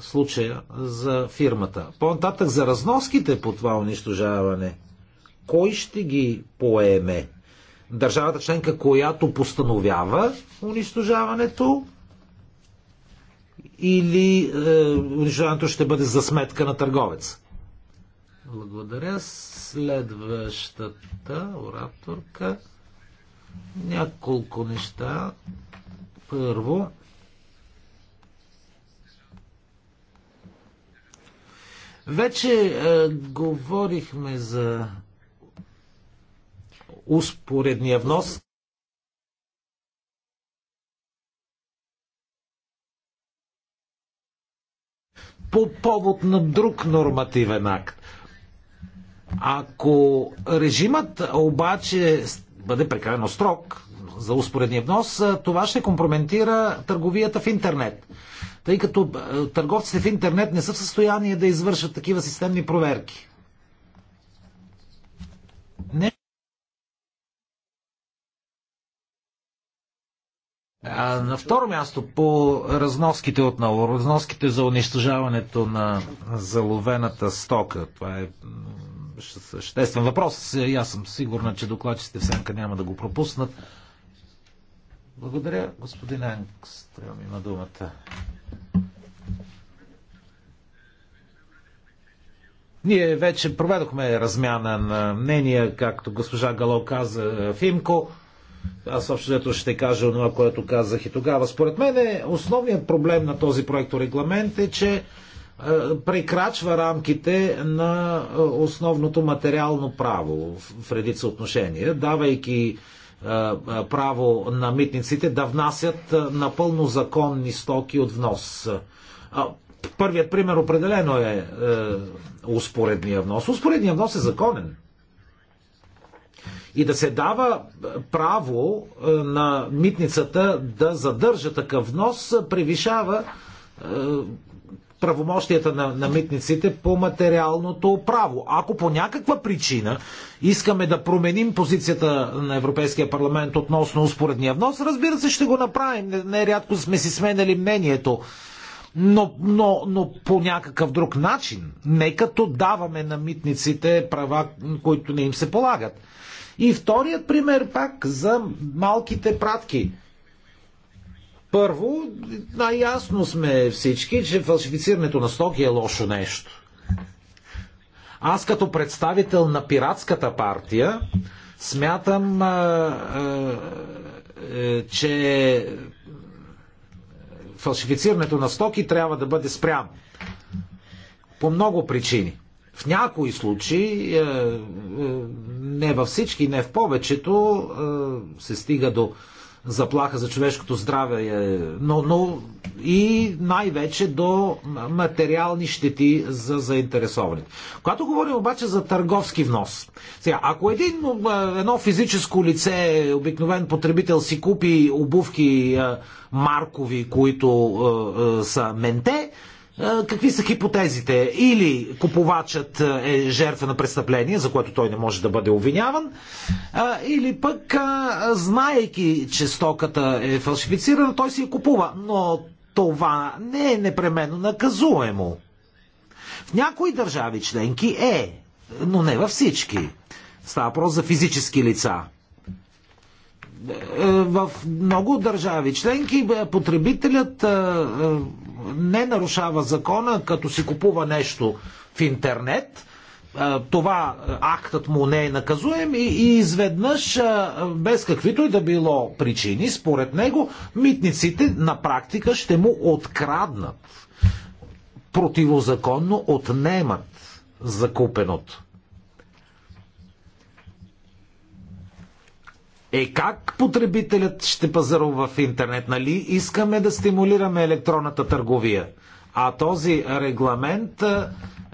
случая за фирмата. По-нататък за разноските по това унищожаване, кой ще ги поеме? Държавата членка, която постановява унищожаването или е, унищожаването ще бъде за сметка на търговец? Благодаря. Следващата ораторка. Няколко неща. Първо, Вече е, говорихме за успоредния внос. по повод на друг нормативен акт. Ако режимът обаче бъде прекалено строг за успоредния внос, това ще компрометира търговията в интернет. Тъй като търговците в интернет не са в състояние да извършат такива системни проверки. А на второ място по разноските отново, разноските за унищожаването на заловената стока. Това е съществен въпрос и е, аз съм сигурна, че докладчите в сянка няма да го пропуснат. Благодаря, господин Енгстрем има думата. Ние вече проведохме размяна на мнения, както госпожа Гало каза в Имко. Аз общо ето ще кажа това, което казах и тогава. Според мен е, основният проблем на този регламент е, че е, прекрачва рамките на е, основното материално право в редица отношения, давайки е, право на митниците да внасят напълно законни стоки от внос. Първият пример определено е успоредния внос. Успоредния внос е законен. И да се дава е, право е, на митницата да задържа такъв внос е, превишава правомощията на, на митниците по материалното право. Ако по някаква причина искаме да променим позицията на Европейския парламент относно успоредния внос, разбира се, ще го направим. Нерядко не сме си сменяли мнението. Но, но, но по някакъв друг начин, не като даваме на митниците права, които не им се полагат. И вторият пример пак за малките пратки. Първо, най-ясно сме всички, че фалшифицирането на стоки е лошо нещо. Аз като представител на пиратската партия смятам, а, а, а, е, че фалшифицирането на стоки трябва да бъде спрямо. По много причини. В някои случаи, е, е, не във всички, не в повечето, е, се стига до заплаха за човешкото здраве, но, но и най-вече до материални щети за заинтересованите. Когато говорим обаче за търговски внос, сега, ако един, едно физическо лице, обикновен потребител си купи обувки маркови, които са менте, Какви са хипотезите? Или купувачът е жертва на престъпление, за което той не може да бъде обвиняван, или пък, знаейки, че стоката е фалшифицирана, той си я купува. Но това не е непременно наказуемо. В някои държави членки е, но не във всички. Става въпрос за физически лица е, в много държави членки потребителят е, е, не нарушава закона, като си купува нещо в интернет, това актът му не е наказуем и, и изведнъж, без каквито и да било причини, според него, митниците на практика ще му откраднат, противозаконно отнемат закупеното. Е как потребителят ще пазарува в интернет? Нали искаме да стимулираме електронната търговия? А този регламент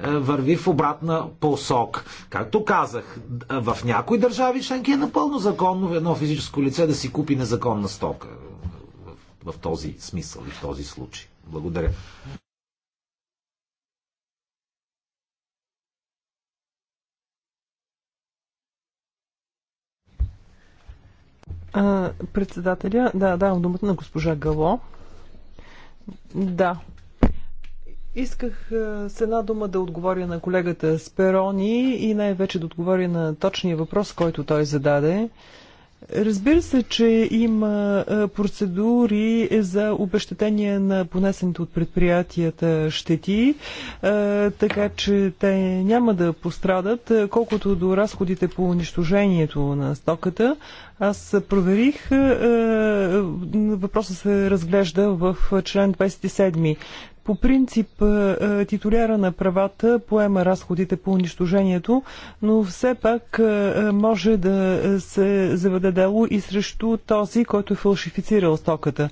върви в обратна посок. Както казах, в някои държави шанки е напълно законно едно физическо лице да си купи незаконна стока. в този смисъл и в този случай. Благодаря. Председателя, да, давам думата на госпожа Гало. Да. Исках с една дума да отговоря на колегата Сперони и най-вече да отговоря на точния въпрос, който той зададе. Разбира се, че има процедури за обещатение на понесените от предприятията щети, така че те няма да пострадат. Колкото до разходите по унищожението на стоката, аз проверих. Въпросът се разглежда в член 27. По принцип е, е, титуляра на правата поема разходите по унищожението, но все пак е, може да се заведе дело и срещу този, който е фалшифицирал стоката.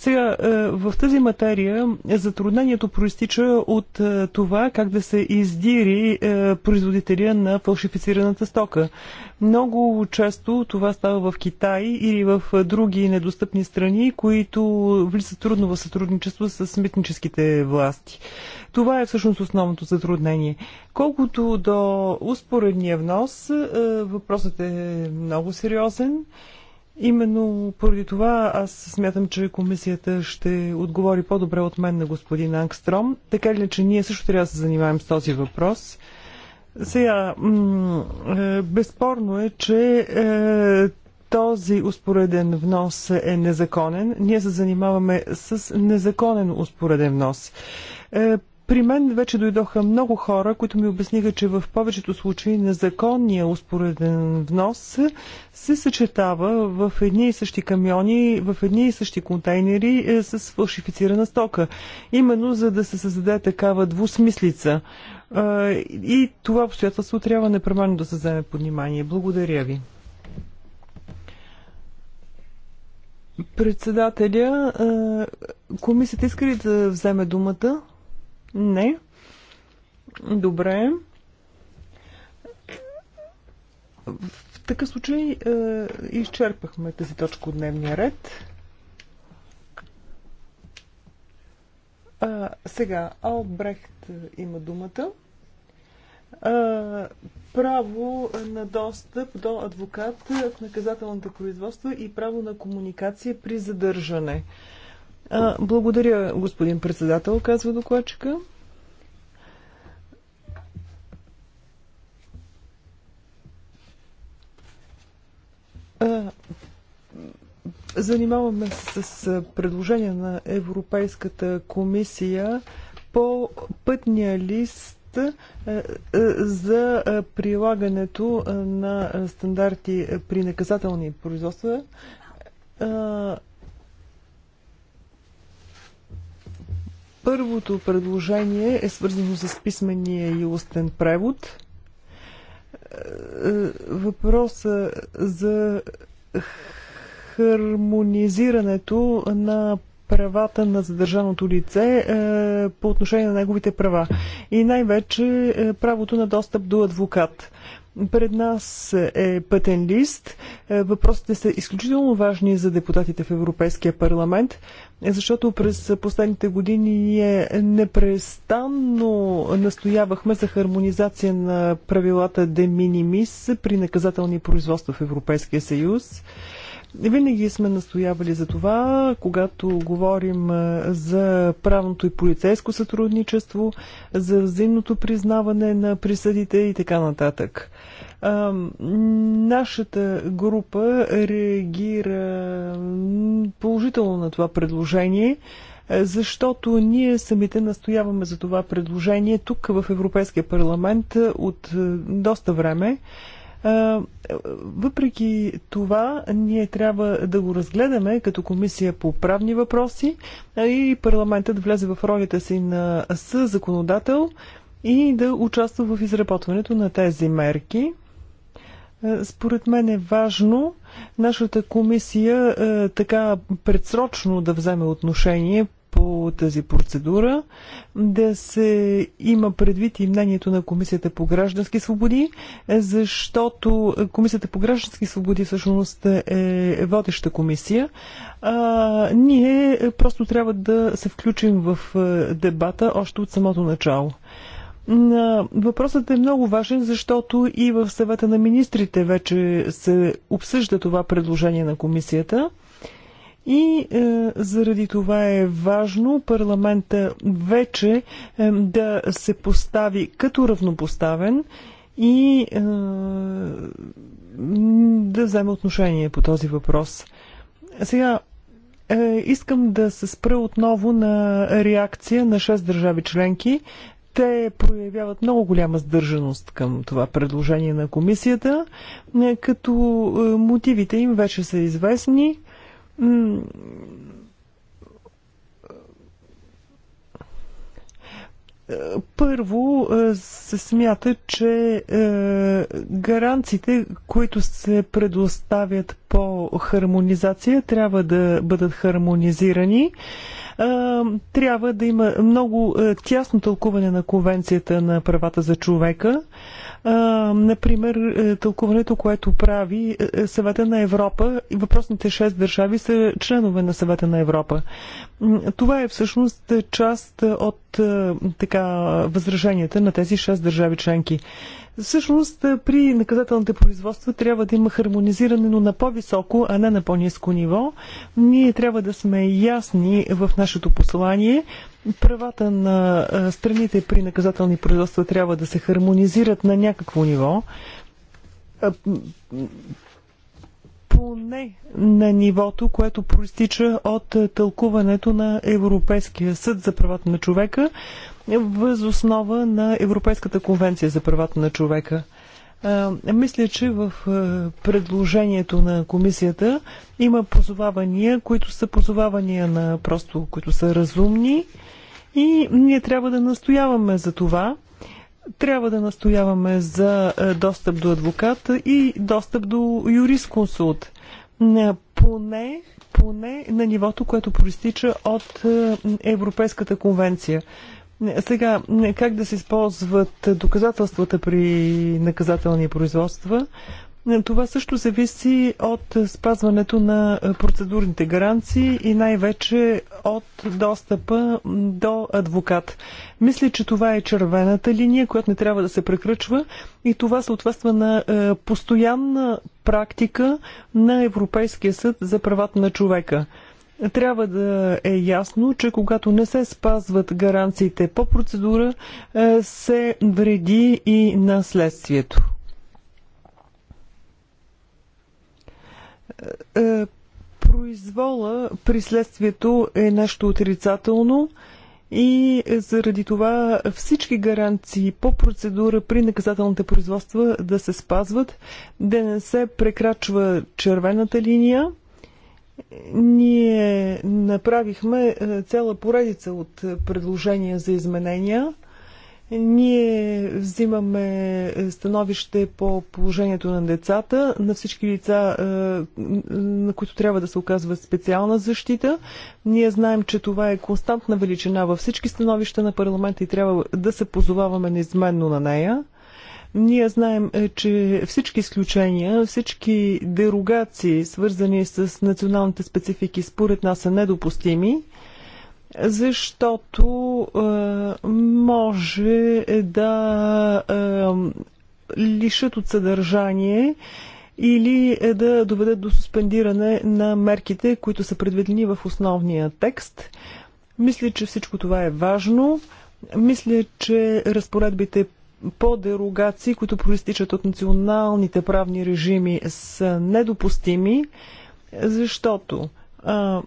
Сега, е, в тази материя затруднението проистича от е, това как да се издири е, производителя на фалшифицираната стока. Много често това става в Китай или в други недостъпни страни, които влизат трудно в сътрудничество с митническите власти. Това е всъщност основното затруднение. Колкото до успоредния внос, въпросът е много сериозен. Именно поради това аз смятам, че комисията ще отговори по-добре от мен на господин Ангстром. Така ли че ние също трябва да се занимаем с този въпрос. Сега, е, безспорно е, че е, този успореден внос е незаконен. Ние се занимаваме с незаконен успореден внос. Е, при мен вече дойдоха много хора, които ми обясниха, че в повечето случаи незаконния успореден внос се съчетава в едни и същи камиони, в едни и същи контейнери е, с фалшифицирана стока. Именно за да се създаде такава двусмислица. И това обстоятелство трябва непременно да се вземе под внимание. Благодаря ви. Председателя, комисията иска ли да вземе думата? Не. Добре. В такъв случай е, изчерпахме тази точка от дневния ред. А, сега, Албрехт има думата. А, право на достъп до адвокат в наказателната производства и право на комуникация при задържане. А, благодаря, господин председател, казва докладчика. Занимаваме се с предложение на Европейската комисия по пътния лист за прилагането на стандарти при наказателни производства Първото предложение е свързано с писмения и устен превод. Е, въпроса за хармонизирането на правата на задържаното лице е, по отношение на неговите права и най-вече е, правото на достъп до адвокат. Пред нас е пътен лист. Въпросите са изключително важни за депутатите в Европейския парламент защото през последните години ние непрестанно настоявахме за хармонизация на правилата де минимис при наказателни производства в Европейския съюз. Винаги сме настоявали за това, когато говорим за правното и полицейско сътрудничество, за взаимното признаване на присъдите и така нататък. А, нашата група реагира положително на това предложение, защото ние самите настояваме за това предложение тук в Европейския парламент от доста време. Въпреки това, ние трябва да го разгледаме като комисия по правни въпроси и парламентът влезе в ролята си на съзаконодател и да участва в изработването на тези мерки. Според мен е важно нашата комисия така предсрочно да вземе отношение по тази процедура, да се има предвид и мнението на Комисията по граждански свободи, защото Комисията по граждански свободи всъщност е водеща комисия. А, ние просто трябва да се включим в дебата още от самото начало. Въпросът е много важен, защото и в съвета на министрите вече се обсъжда това предложение на комисията. И е, заради това е важно парламента вече е, да се постави като равнопоставен и е, да вземе отношение по този въпрос. Сега е, искам да се спра отново на реакция на 6 държави членки. Те проявяват много голяма сдържаност към това предложение на комисията, е, като е, мотивите им вече са известни първо е, се смята, че е, гаранциите, които се предоставят по хармонизация, трябва да бъдат хармонизирани трябва да има много е, тясно тълкуване на Конвенцията на правата за човека. Например, е, тълкуването, което прави е, Съвета на Европа и въпросните шест държави са членове на Съвета на Европа. Това е всъщност част от така, възраженията на тези шест държави членки. Всъщност при наказателните производства трябва да има хармонизиране, но на по-високо, а не на по-низко ниво. Ние трябва да сме ясни в нашето послание. Правата на страните при наказателни производства трябва да се хармонизират на някакво ниво поне на нивото, което проистича от тълкуването на Европейския съд за правата на човека възоснова на Европейската конвенция за правата на човека. Мисля, че в предложението на комисията има позовавания, които са позовавания на просто, които са разумни и ние трябва да настояваме за това. Трябва да настояваме за достъп до адвокат и достъп до юрисконсулт. Поне, поне на нивото, което проистича от Европейската конвенция. Сега, как да се използват доказателствата при наказателни производства? Това също зависи от спазването на процедурните гаранции и най-вече от достъпа до адвокат. Мисля, че това е червената линия, която не трябва да се прекръчва и това съответства на е, постоянна практика на Европейския съд за правата на човека трябва да е ясно, че когато не се спазват гаранциите по процедура, е, се вреди и на следствието. Е, е, произвола при следствието е нещо отрицателно и заради това всички гаранции по процедура при наказателните производства да се спазват, да не се прекрачва червената линия ние направихме е, цяла поредица от предложения за изменения. Ние взимаме становище по положението на децата, на всички лица, е, на които трябва да се оказва специална защита. Ние знаем, че това е константна величина във всички становища на парламента и трябва да се позоваваме неизменно на нея. Ние знаем, е, че всички изключения, всички дерогации, свързани с националните специфики, според нас са недопустими защото е, може е да е, лишат от съдържание или е да доведат до суспендиране на мерките, които са предвидени в основния текст. Мисля, че всичко това е важно. Мисля, че разпоредбите по дерогации, които проистичат от националните правни режими, са недопустими, защото а,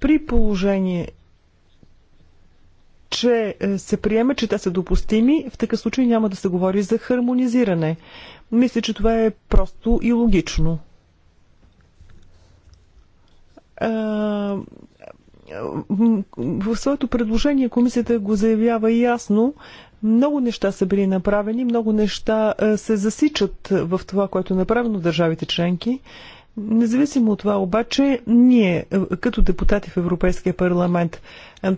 при положение, че е, се приеме, че те са допустими, в такъв случай няма да се говори за хармонизиране. Мисля, че това е просто и логично. А, в своето предложение комисията го заявява ясно, много неща са били направени, много неща е, се засичат в това, което е направено в държавите членки. Независимо от това обаче, ние като депутати в Европейския парламент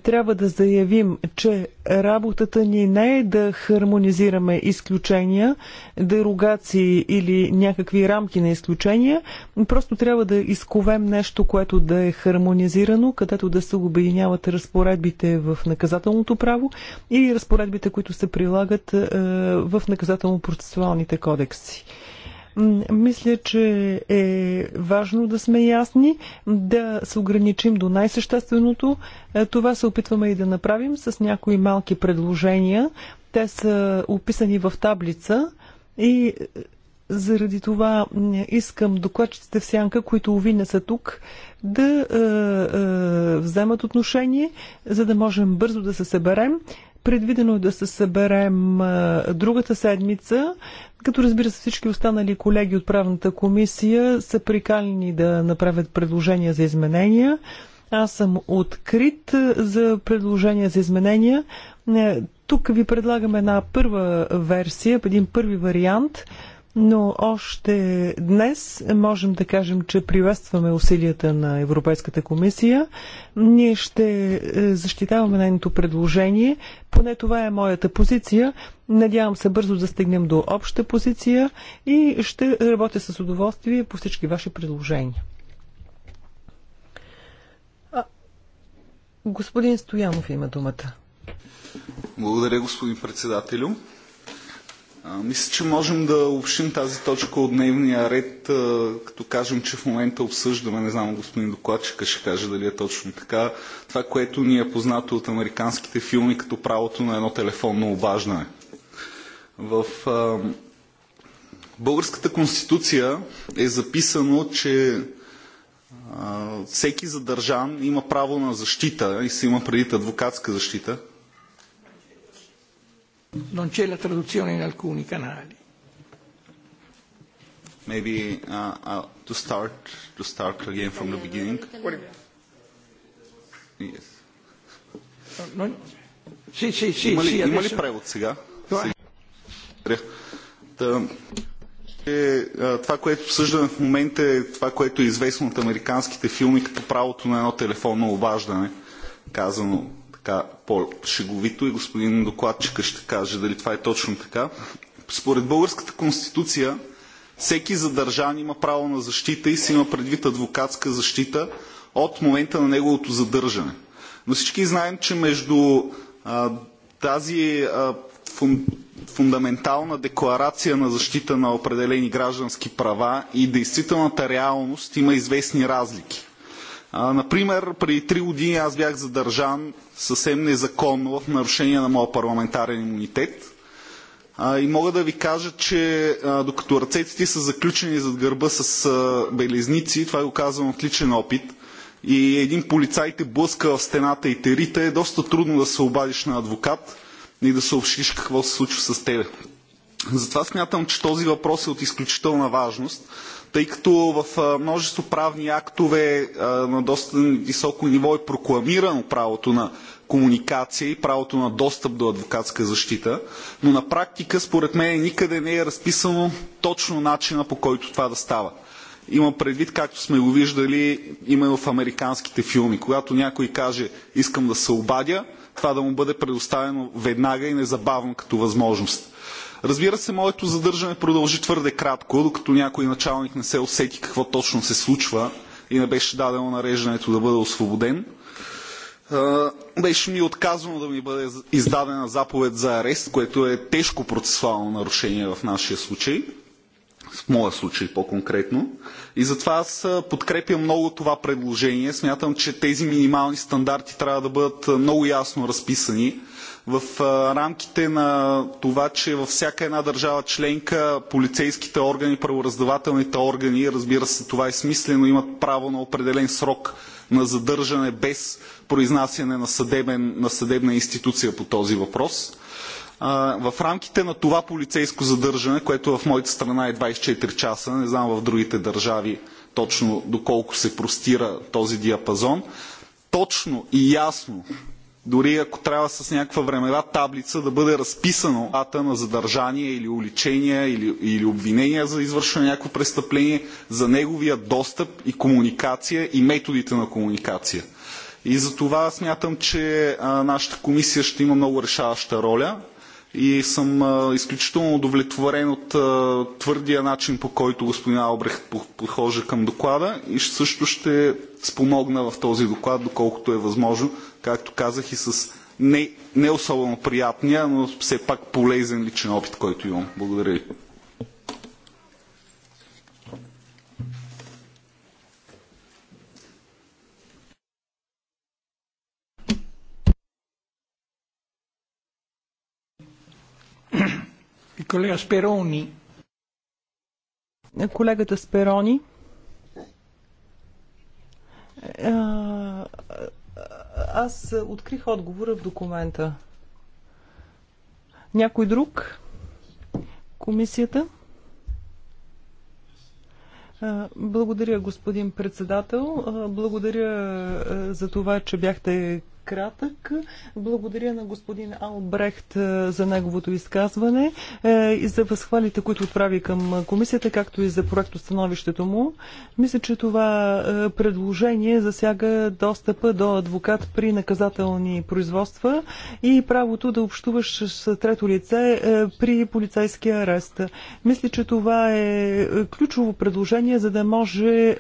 трябва да заявим, че работата ни не е да хармонизираме изключения, дерогации или някакви рамки на изключения. Просто трябва да изковем нещо, което да е хармонизирано, където да се обединяват разпоредбите в наказателното право или разпоредбите, които се прилагат е, в наказателно-процесуалните кодекси. Мисля, че е важно да сме ясни, да се ограничим до най-същественото. Е, това се опитваме и да направим с някои малки предложения. Те са описани в таблица и е, заради това искам докладчиците в сянка, които ови не са тук, да е, е, вземат отношение, за да можем бързо да се съберем. Предвидено е да се съберем е, другата седмица. Като разбира се всички останали колеги от правната комисия са прикалени да направят предложения за изменения. Аз съм открит за предложения за изменения. Е, тук ви предлагам една първа версия, един първи вариант – но още днес можем да кажем, че приветстваме усилията на Европейската комисия. Ние ще е, защитаваме нейното предложение. Поне това е моята позиция. Надявам се бързо да стигнем до обща позиция и ще работя с удоволствие по всички ваши предложения. А, господин Стоянов има думата. Благодаря, господин председателю. Мисля, че можем да общим тази точка от дневния ред, като кажем, че в момента обсъждаме, не знам, господин докладчика ще каже дали е точно така, това, което ни е познато от американските филми като правото на едно телефонно обаждане. В а, Българската конституция е записано, че а, всеки задържан има право на защита и се има преди адвокатска защита – non c'è la traduzione in alcuni canali. Maybe uh, uh, to start to start again from the beginning. Yes. Non... Sì, sì, sì. Има ли, sì, има превод сега? Сега. Това, което обсъждаме в момента е това, което е известно от американските филми като правото на едно телефонно обаждане, казано така по-шеговито и господин докладчика ще каже дали това е точно така. Според българската конституция всеки задържан има право на защита и си има предвид адвокатска защита от момента на неговото задържане. Но всички знаем, че между а, тази а, фун, фундаментална декларация на защита на определени граждански права и действителната реалност има известни разлики. Например, преди три години аз бях задържан съвсем незаконно в нарушение на моя парламентарен имунитет. И мога да ви кажа, че докато ръцете ти са заключени зад гърба с белезници, това го казвам от личен опит, и един полицай те блъска в стената и терите, е доста трудно да се обадиш на адвокат и да съобщиш какво се случва с тебе. Затова смятам, че този въпрос е от изключителна важност тъй като в множество правни актове на доста високо ниво е прокламирано правото на комуникация и правото на достъп до адвокатска защита, но на практика според мен никъде не е разписано точно начина по който това да става. Има предвид, както сме го виждали именно в американските филми. Когато някой каже искам да се обадя, това да му бъде предоставено веднага и незабавно като възможност. Разбира се, моето задържане продължи твърде кратко, докато някой началник не се усети какво точно се случва и не беше дадено нареждането да бъде освободен. Беше ми отказано да ми бъде издадена заповед за арест, което е тежко процесуално нарушение в нашия случай. В моя случай по-конкретно. И затова аз подкрепям много това предложение. Смятам, че тези минимални стандарти трябва да бъдат много ясно разписани в рамките на това, че във всяка една държава членка полицейските органи, правораздавателните органи, разбира се, това е смислено, имат право на определен срок на задържане без произнасяне на, съдебен, на съдебна институция по този въпрос. В рамките на това полицейско задържане, което в моята страна е 24 часа, не знам в другите държави точно доколко се простира този диапазон, точно и ясно дори ако трябва с някаква времева таблица да бъде разписано дата на задържание или уличение или, или обвинение за извършване на някакво престъпление, за неговия достъп и комуникация и методите на комуникация. И за това смятам, че а, нашата комисия ще има много решаваща роля и съм изключително удовлетворен от твърдия начин, по който господин Албрехт подхожда към доклада и също ще спомогна в този доклад, доколкото е възможно, както казах и с не, не особено приятния, но все пак полезен личен опит, който имам. Благодаря ви. Колега Сперони. Колегата Сперони. Е, аз открих отговора в документа. Някой друг? Комисията? Е, благодаря, господин председател. Е, благодаря за това, че бяхте кратък. Благодаря на господин Албрехт е, за неговото изказване е, и за възхвалите, които отправи към комисията, както и за проектостановището му. Мисля, че това е, предложение засяга достъпа до адвокат при наказателни производства и правото да общуваш с трето лице при полицейския арест. Мисля, че това е ключово предложение, за да може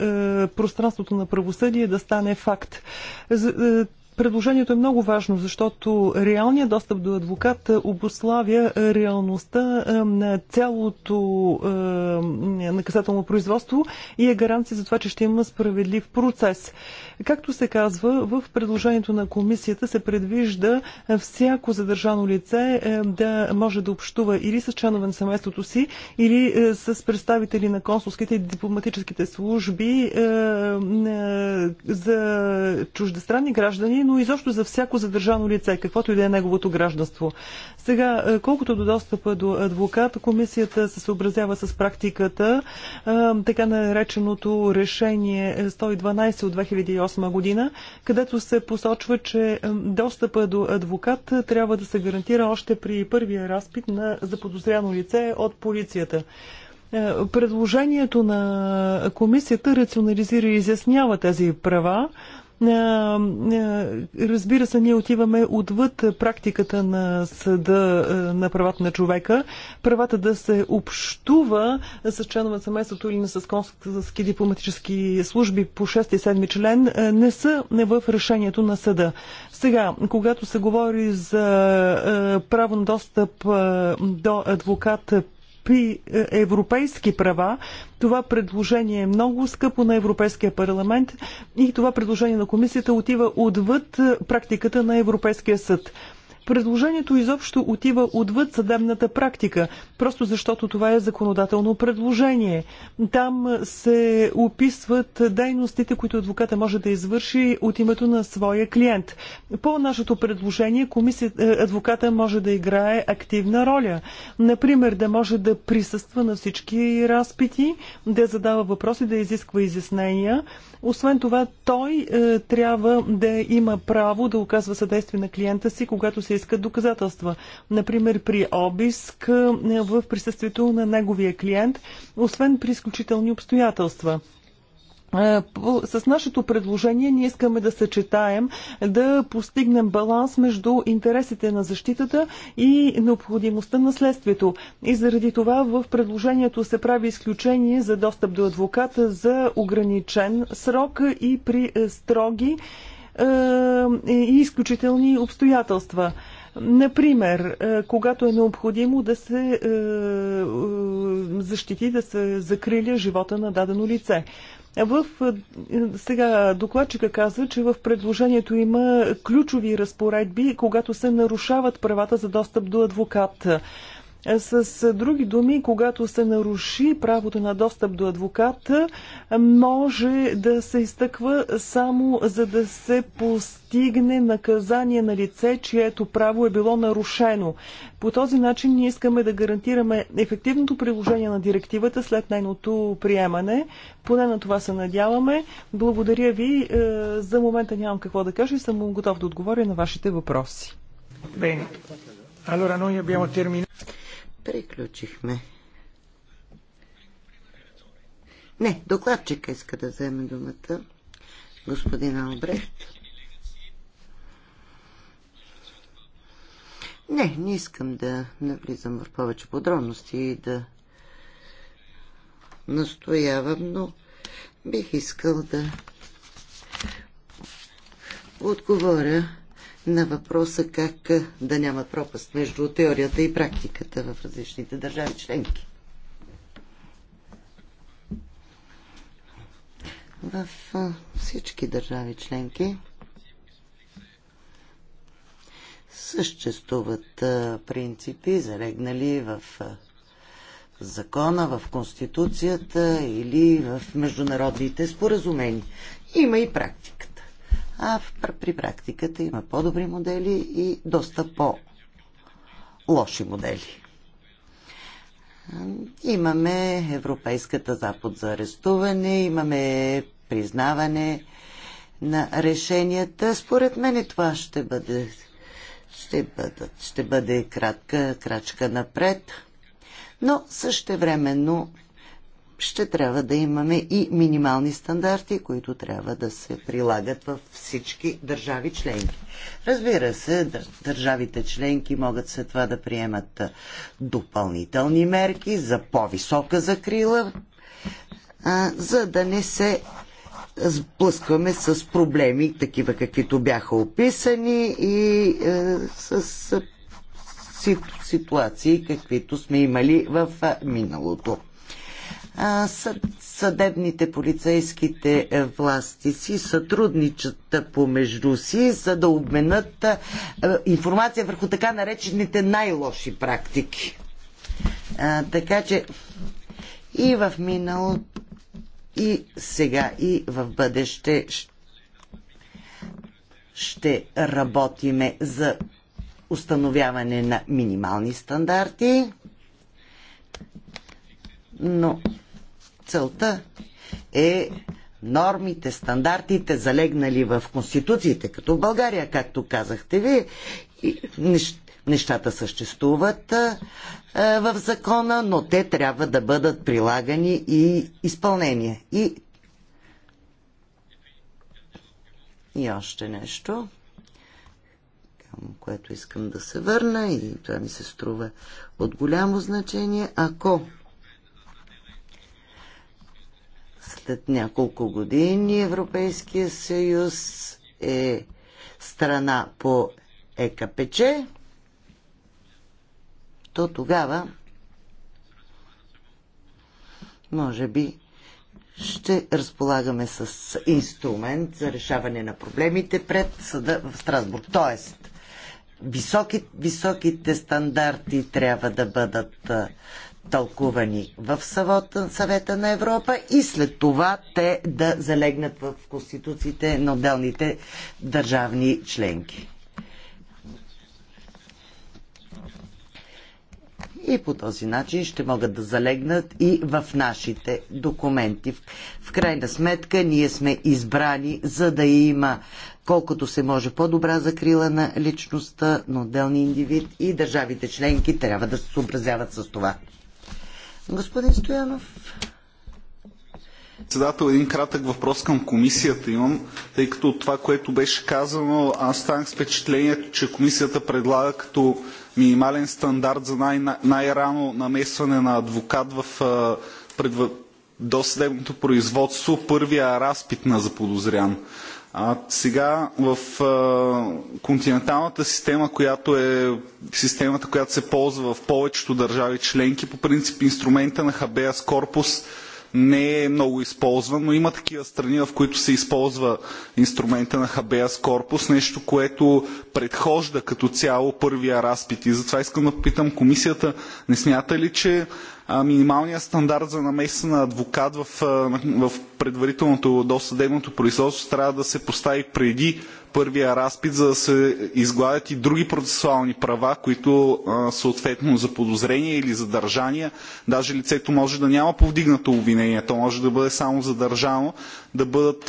пространството на правосъдие да стане факт. Предложението е много важно, защото реалният достъп до адвокат е, обославя е, реалността е, на цялото наказателно производство и е гаранция за това, че ще има справедлив процес. Както се казва, в предложението на комисията се предвижда всяко задържано лице да може да общува или с членове на семейството си, или с представители на консулските и дипломатическите служби за чуждестранни граждани, но изобщо за всяко задържано лице, каквото и да е неговото гражданство. Сега, е, колкото до достъпа до адвокат, комисията се съобразява с практиката, е, така нареченото решение 112 от 2008 година, където се посочва, че е, достъпа до адвокат трябва да се гарантира още при първия разпит на заподозряно лице от полицията. Предложението на комисията рационализира и изяснява тези права, Разбира се, ние отиваме отвъд практиката на съда на правата на човека. Правата да се общува с членове на семейството или с консулски дипломатически служби по 6 и 7 член не са в решението на съда. Сега, когато се говори за право на достъп до адвокат при е, европейски права. Това предложение е много скъпо на Европейския парламент и това предложение на комисията отива отвъд е, практиката на Европейския съд. Предложението изобщо отива отвъд съдебната практика, просто защото това е законодателно предложение. Там се описват дейностите, които адвоката може да извърши от името на своя клиент. По нашето предложение е, адвоката може да играе активна роля. Например, да може да присъства на всички разпити, да задава въпроси, да изисква изяснения. Освен това, той е, трябва да има право да оказва съдействие на клиента си, когато се искат доказателства. Например, при обиск е, в присъствието на неговия клиент, освен при изключителни обстоятелства. Е, с нашето предложение ние искаме да съчетаем, да постигнем баланс между интересите на защитата и необходимостта на следствието. И заради това в предложението се прави изключение за достъп до адвоката за ограничен срок и при е, строги е, и изключителни обстоятелства. Например, е, когато е необходимо да се е, защити, да се закриля живота на дадено лице. В, сега докладчика каза, че в предложението има ключови разпоредби, когато се нарушават правата за достъп до адвоката. С други думи, когато се наруши правото на достъп до адвокат, може да се изтъква само за да се постигне наказание на лице, чието право е било нарушено. По този начин ние искаме да гарантираме ефективното приложение на директивата след нейното приемане. Поне на това се надяваме. Благодаря ви. Е, за момента нямам какво да кажа и съм готов да отговоря на вашите въпроси. Bene. Allora noi abbiamo terminato. Приключихме. Не, докладчика иска да вземе думата. Господин Албрехт. Не, не искам да навлизам в повече подробности и да настоявам, но бих искал да отговоря на въпроса как да няма пропаст между теорията и практиката в различните държави членки. В всички държави членки съществуват принципи, залегнали в закона, в Конституцията или в международните споразумени. Има и практика а при практиката има по-добри модели и доста по-лоши модели. Имаме Европейската запад за арестуване, имаме признаване на решенията. Според мен това ще бъде, ще бъде, ще бъде кратка крачка напред, но същевременно времено ще трябва да имаме и минимални стандарти, които трябва да се прилагат във всички държави членки. Разбира се, държавите членки могат след това да приемат допълнителни мерки за по-висока закрила, за да не се сблъскваме с проблеми, такива каквито бяха описани и е, с ситуации, каквито сме имали в миналото съдебните полицейските е, власти си сътрудничат помежду си, за да обменят е, информация върху така наречените най-лоши практики. Така че и в минало, и сега, и в бъдеще ще работиме за установяване на минимални стандарти, но целта е нормите, стандартите, залегнали в конституциите, като в България, както казахте ви, нещата съществуват в закона, но те трябва да бъдат прилагани и изпълнение. И, и още нещо, към което искам да се върна и това ми се струва от голямо значение. Ако срещат няколко години Европейския съюз е страна по ЕКПЧ, то тогава може би ще разполагаме с инструмент за решаване на проблемите пред съда в Страсбург. Тоест, високи, високите стандарти трябва да бъдат тълкувани в съвета на Европа и след това те да залегнат в конституциите на отделните държавни членки. и по този начин ще могат да залегнат и в нашите документи. В крайна сметка ние сме избрани за да има колкото се може по-добра закрила на личността на отделни индивид и държавите членки трябва да се съобразяват с това. Господин Стоянов. Председател, един кратък въпрос към комисията имам, тъй като от това, което беше казано, аз станах с впечатлението, че комисията предлага като минимален стандарт за най- най-рано намесване на адвокат в пред, досъдебното производство първия разпит на заподозрян. А сега в а, континенталната система, която е системата, която се ползва в повечето държави членки, по принцип инструмента на Хабеас Корпус – не е много използван, но има такива страни, в които се използва инструмента на Хабеас Корпус, нещо, което предхожда като цяло първия разпит. И затова искам да попитам комисията, не смята ли, че минималният стандарт за намеса на адвокат в, в предварителното досъдебното производство трябва да се постави преди първия разпит, за да се изгладят и други процесуални права, които съответно за подозрение или задържания. даже лицето може да няма повдигнато обвинение, то може да бъде само задържано, да бъдат,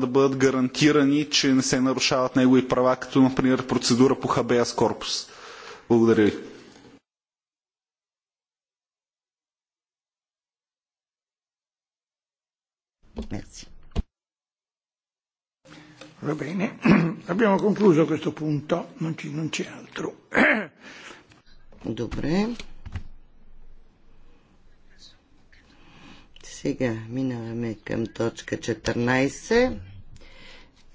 да бъдат гарантирани, че не се нарушават негови права, като например процедура по хабеас корпус. Благодаря ви. Merci. Va bene, *clears throat* abbiamo concluso questo punto, non, ci, non c'è altro. *clears throat* Добре. Сега минаваме към точка 14.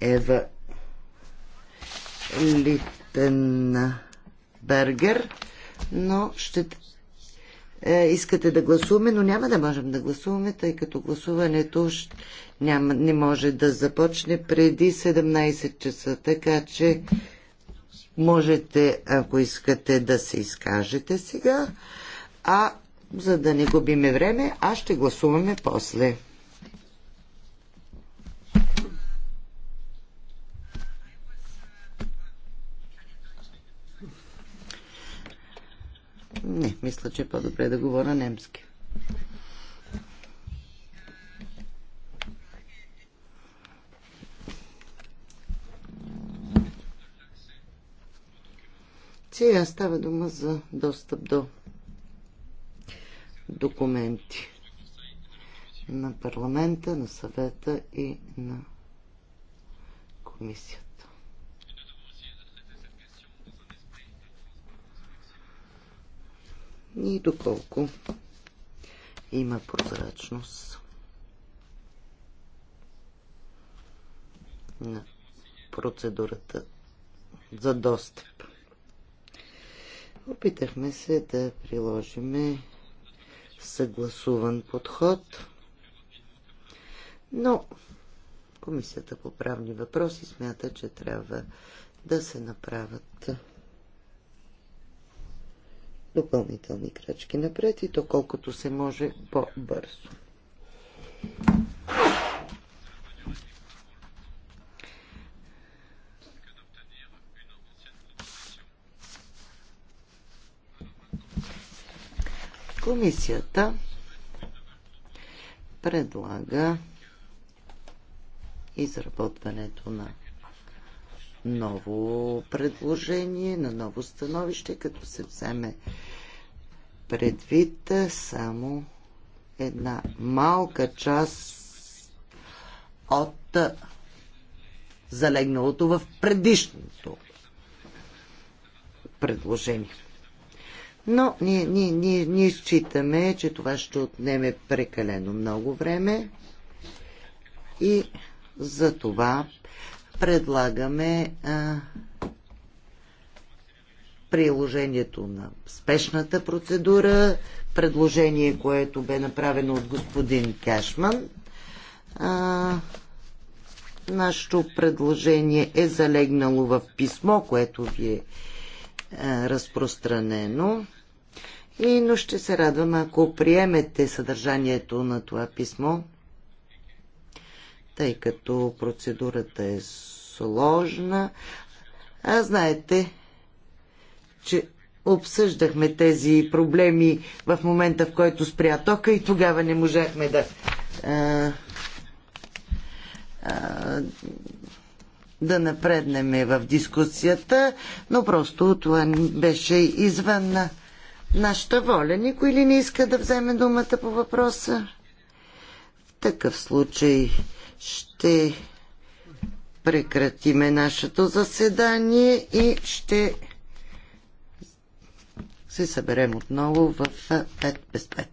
Ева Литенбергер, но ще е, искате да гласуваме, но няма да можем да гласуваме, тъй като гласуването няма, не може да започне преди 17 часа, така че можете, ако искате, да се изкажете сега, а за да не губиме време, аз ще гласуваме после. Не, мисля, че е по-добре да говоря немски. Сега става дума за достъп до документи на парламента, на съвета и на комисията. И доколко има прозрачност на процедурата за достъп. Опитахме се да приложиме съгласуван подход, но Комисията по правни въпроси смята, че трябва да се направят допълнителни крачки напред и то колкото се може по-бързо. Комисията предлага изработването на ново предложение, на ново становище, като се вземе предвид само една малка част от залегналото в предишното предложение. Но ние, ние, ние, ние считаме, че това ще отнеме прекалено много време и за това предлагаме а, приложението на спешната процедура, предложение, което бе направено от господин Кашман. А, нашето предложение е залегнало в писмо, което ви е а, разпространено. И, но ще се радвам, ако приемете съдържанието на това писмо, тъй като процедурата е сложна. А знаете, че обсъждахме тези проблеми в момента, в който спря тока и тогава не можахме да а, а, да напреднеме в дискусията, но просто това беше извън на нашата воля. Никой ли не иска да вземе думата по въпроса? В такъв случай ще прекратиме нашето заседание и ще се съберем отново в 5 без 5.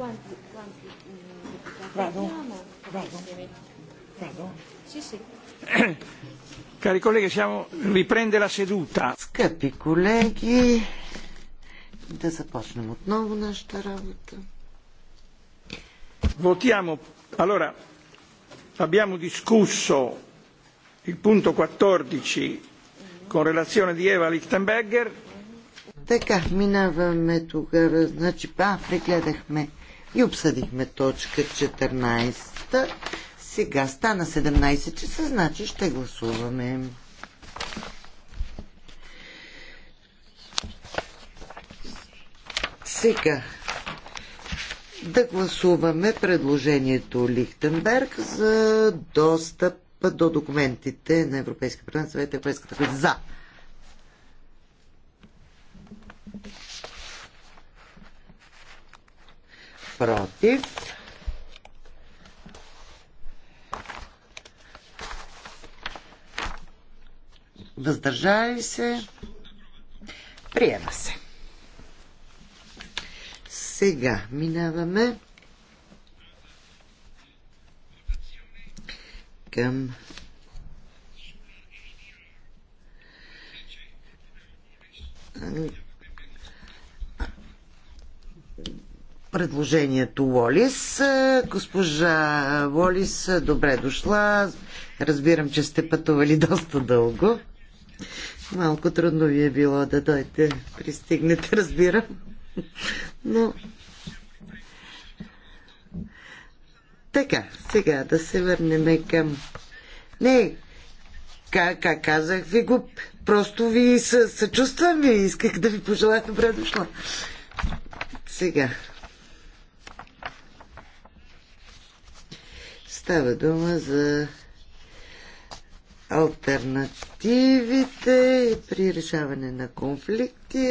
quanti, quanti deputati Vado. abbiamo? Sì, sì. Cari colleghi, siamo... riprende la seduta. Скъпи колеги, да започнем отново нашата работа. Votiamo. Allora, abbiamo discusso il punto 14 con relazione di Eva Lichtenberger. Така, минаваме тогава, значи, па, прегледахме и обсъдихме точка 14. Сега стана 17 часа, значи ще гласуваме. Сега да гласуваме предложението Лихтенберг за достъп до документите на Европейския парламент, Съвет Европейската за против. Въздържали се. Приема се. Сега минаваме към предложението Лолис. Госпожа Лолис, добре дошла. Разбирам, че сте пътували *laughs* доста дълго. Малко трудно ви е било да дойте, пристигнете, разбирам. Но... Така, сега да се върнем към... Не, как, как казах ви го, просто ви съ, съчувствам и исках да ви пожелая добре дошла. Сега, Става дума за альтернативите при решаване на конфликти.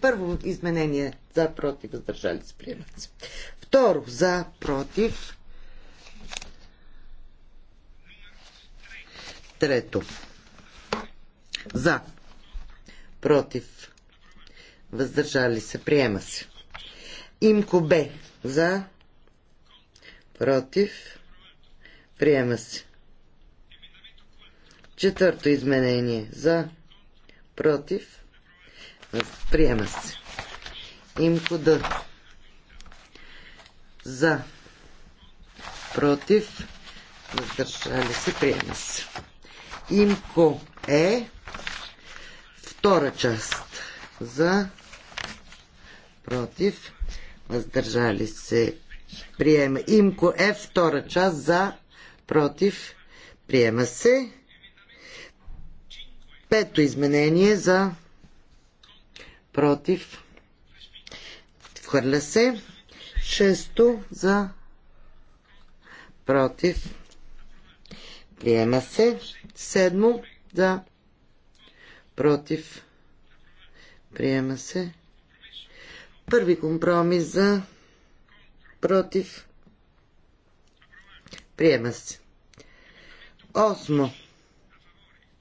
Първо изменение за против, въздържали се приемат се. Второ за против. Трето. За. Против. Въздържали се. Приема се. Имко Б. За. Против. Приема се. Четвърто изменение. За. Против. Приема се. Имко да. За. Против. Въздържали се. Приема се. Имко Е. Втора част. За. Против. Въздържали се. Приема. Имко Е. Втора част. За против, приема се. Пето изменение за против, хвърля се. Шесто за против, приема се. Седмо за против, приема се. Първи компромис за против, Приема се. Осмо.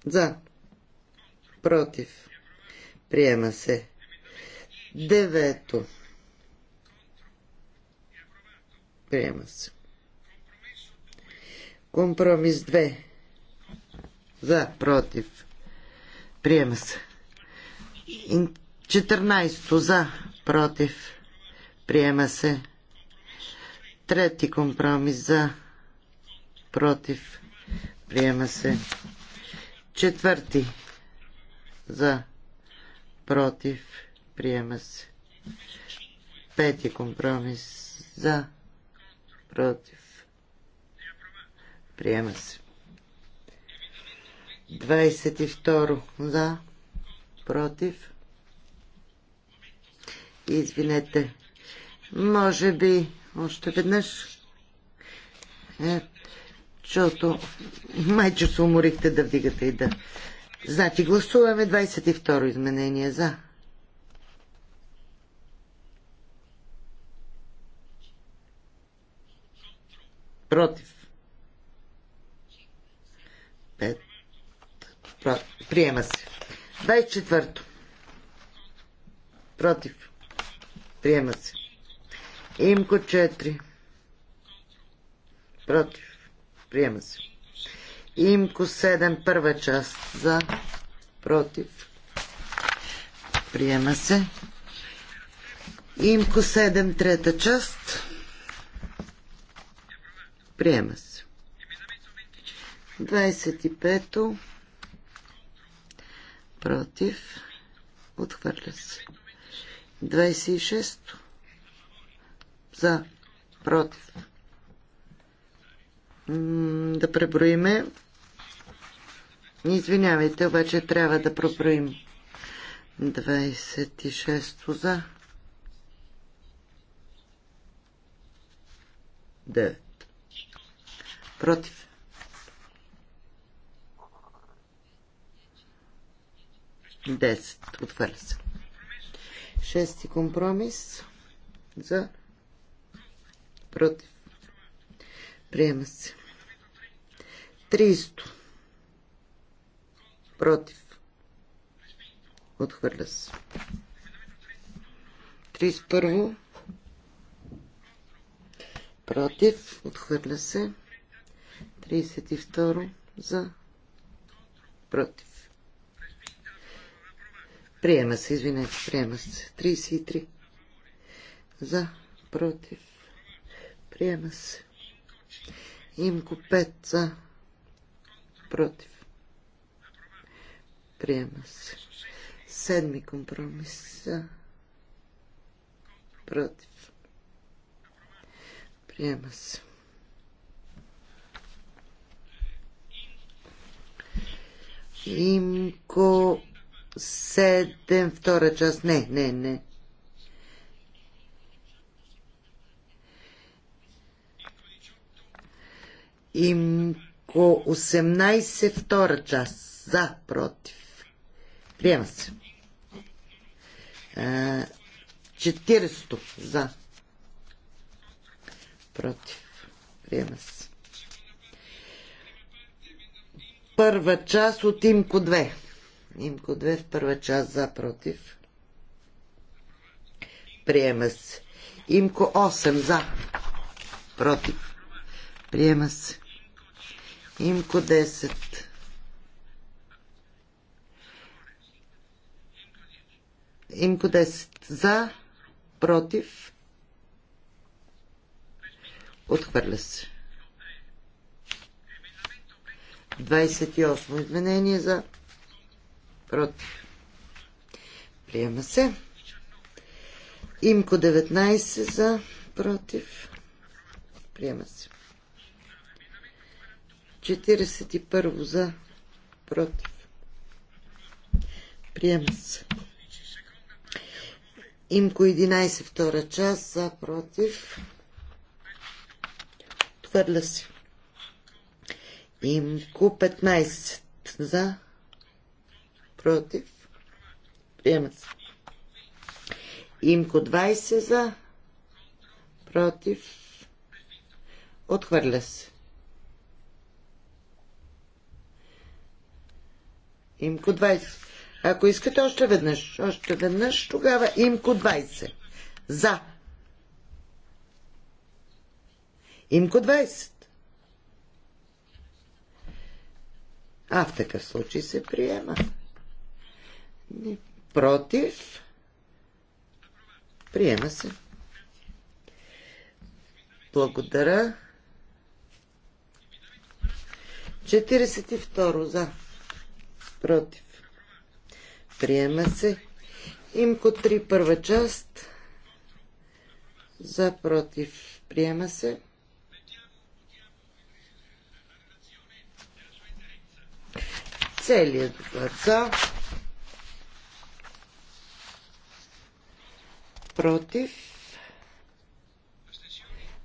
За. Против. Приема се. Девето. Приема се. Компромис 2. За. Против. Приема се. 14. За. Против. Приема се. Трети компромис за против, приема се. Четвърти за, против, приема се. Пети компромис за, против, приема се. 22 за, против. Извинете. Може би още веднъж. Е, защото че се уморихте да вдигате и да. Значи гласуваме 22 изменение за. Против. Пет. Про... Приема се. 24-то. Против. Приема се. Имко 4. Против. Приема се. Имко 7, първа част. За. Против. Приема се. Имко 7, трета част. Приема се. 25-то. Против. Отхвърля се. 26-то. За. Против да преброиме. Извинявайте, обаче трябва да преброим. 26 за. 9. Против. Десет. Отваря се. Шести компромис за против. Приема се. 300. Против. Отхвърля се. 31. Против. Отхвърля се. 32. За. Против. Приема се, извинете, приема се. 33. За. Против. Приема се. Имко Петца за. Против. Приема се. Седми компромис Против. Приема се. Имко седем. втора част. Не, не, не. Имко 18, втора част. За, против. Приема се. 40 за. Против. Приема се. Първа част от Имко 2. Имко 2 в първа част за против. Приема се. Имко 8 за. Против. Приема се. Имко 10. Имко 10. За, против, отхвърля се. 28 изменение за против. Приема се. Имко 19 за против. Приема се. 41 за, против. Приема се. Имко 11, втора част, за, против. Твърля се. Имко 15 за, против. Приема се. Имко 20 за, против. Отхвърля се. Имко 20. Ако искате още веднъж, още веднъж, тогава имко 20. За. Имко 20. А в такъв случай се приема. Против. Приема се. Благодаря. 42 за против. Приема се. Имко 3, първа част. За, против. Приема се. Целият доклад за. Против.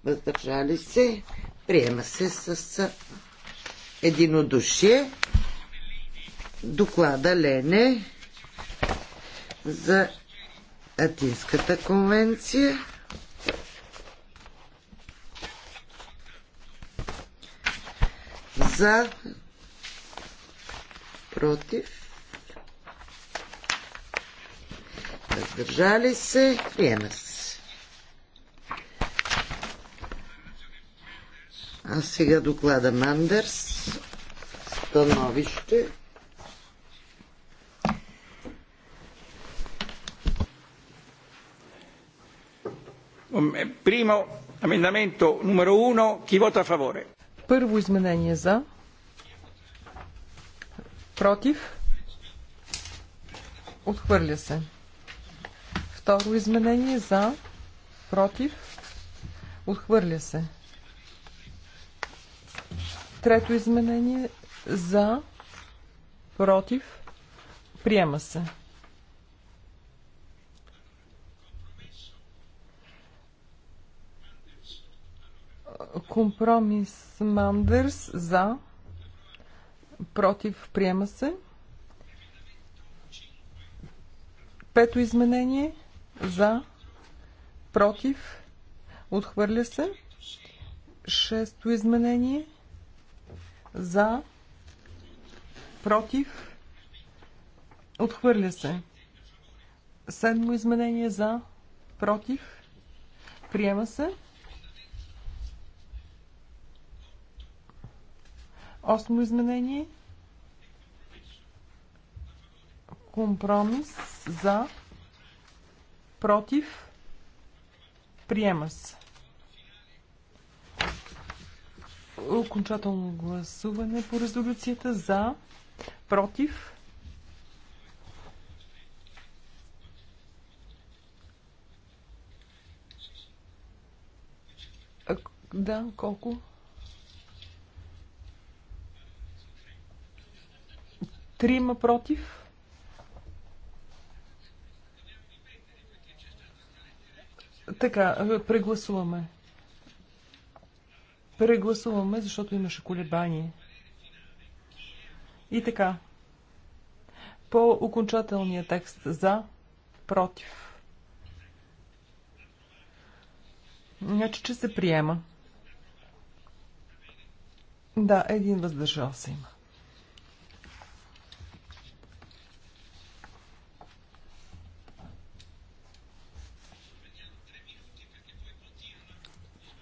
Въздържали се. Приема се с единодушие доклада Лене за Атинската конвенция. За против Раздържали се приема се. А сега доклада Мандърс становище Ehm, primo, emendamento numero uno, chi vota a favore? Първо изменение за. Против. Отхвърля се. Второ изменение за. Против. Отхвърля се. Трето изменение за. Против. Приема се. Компромис Мандърс за. Против приема се. Пето изменение за. Против. Отхвърля се. Шесто изменение за. Против. Отхвърля се. Седмо изменение за. Против. Приема се. Осмо изменение. Компромис за, против, приема се. Окончателно гласуване по резолюцията за, против, е, Да, колко? Трима против. Така, е, прегласуваме. Прегласуваме, защото имаше колебание. И така. По окончателния текст за, против. Значи, че се приема. Да, един въздържал се има.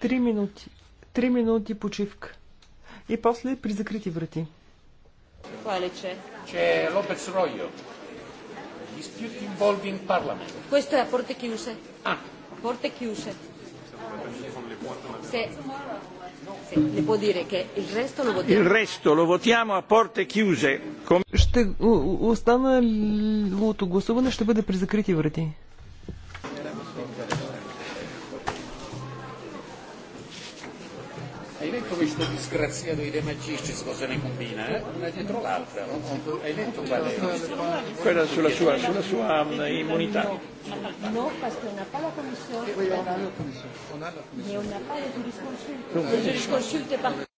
Три минути. Три минути почивка. И после при закрити врати. Quale c'è? C'è Lopez Royo. Dispute involving Parliament. Questo è a porte chiuse. Ah. Porte chiuse. Se, se le può dire che il resto lo votiamo. Il resto lo votiamo a porte chiuse. Ще, останалото гласуване ще бъде при закрити врати. questo disgraziato di De Magistris cosa ne combina, eh? una dietro l'altra. Hai detto qual è? Quella sulla sua, sulla sua immunità. No, perché una palla commissione. Oui, on a la commissione.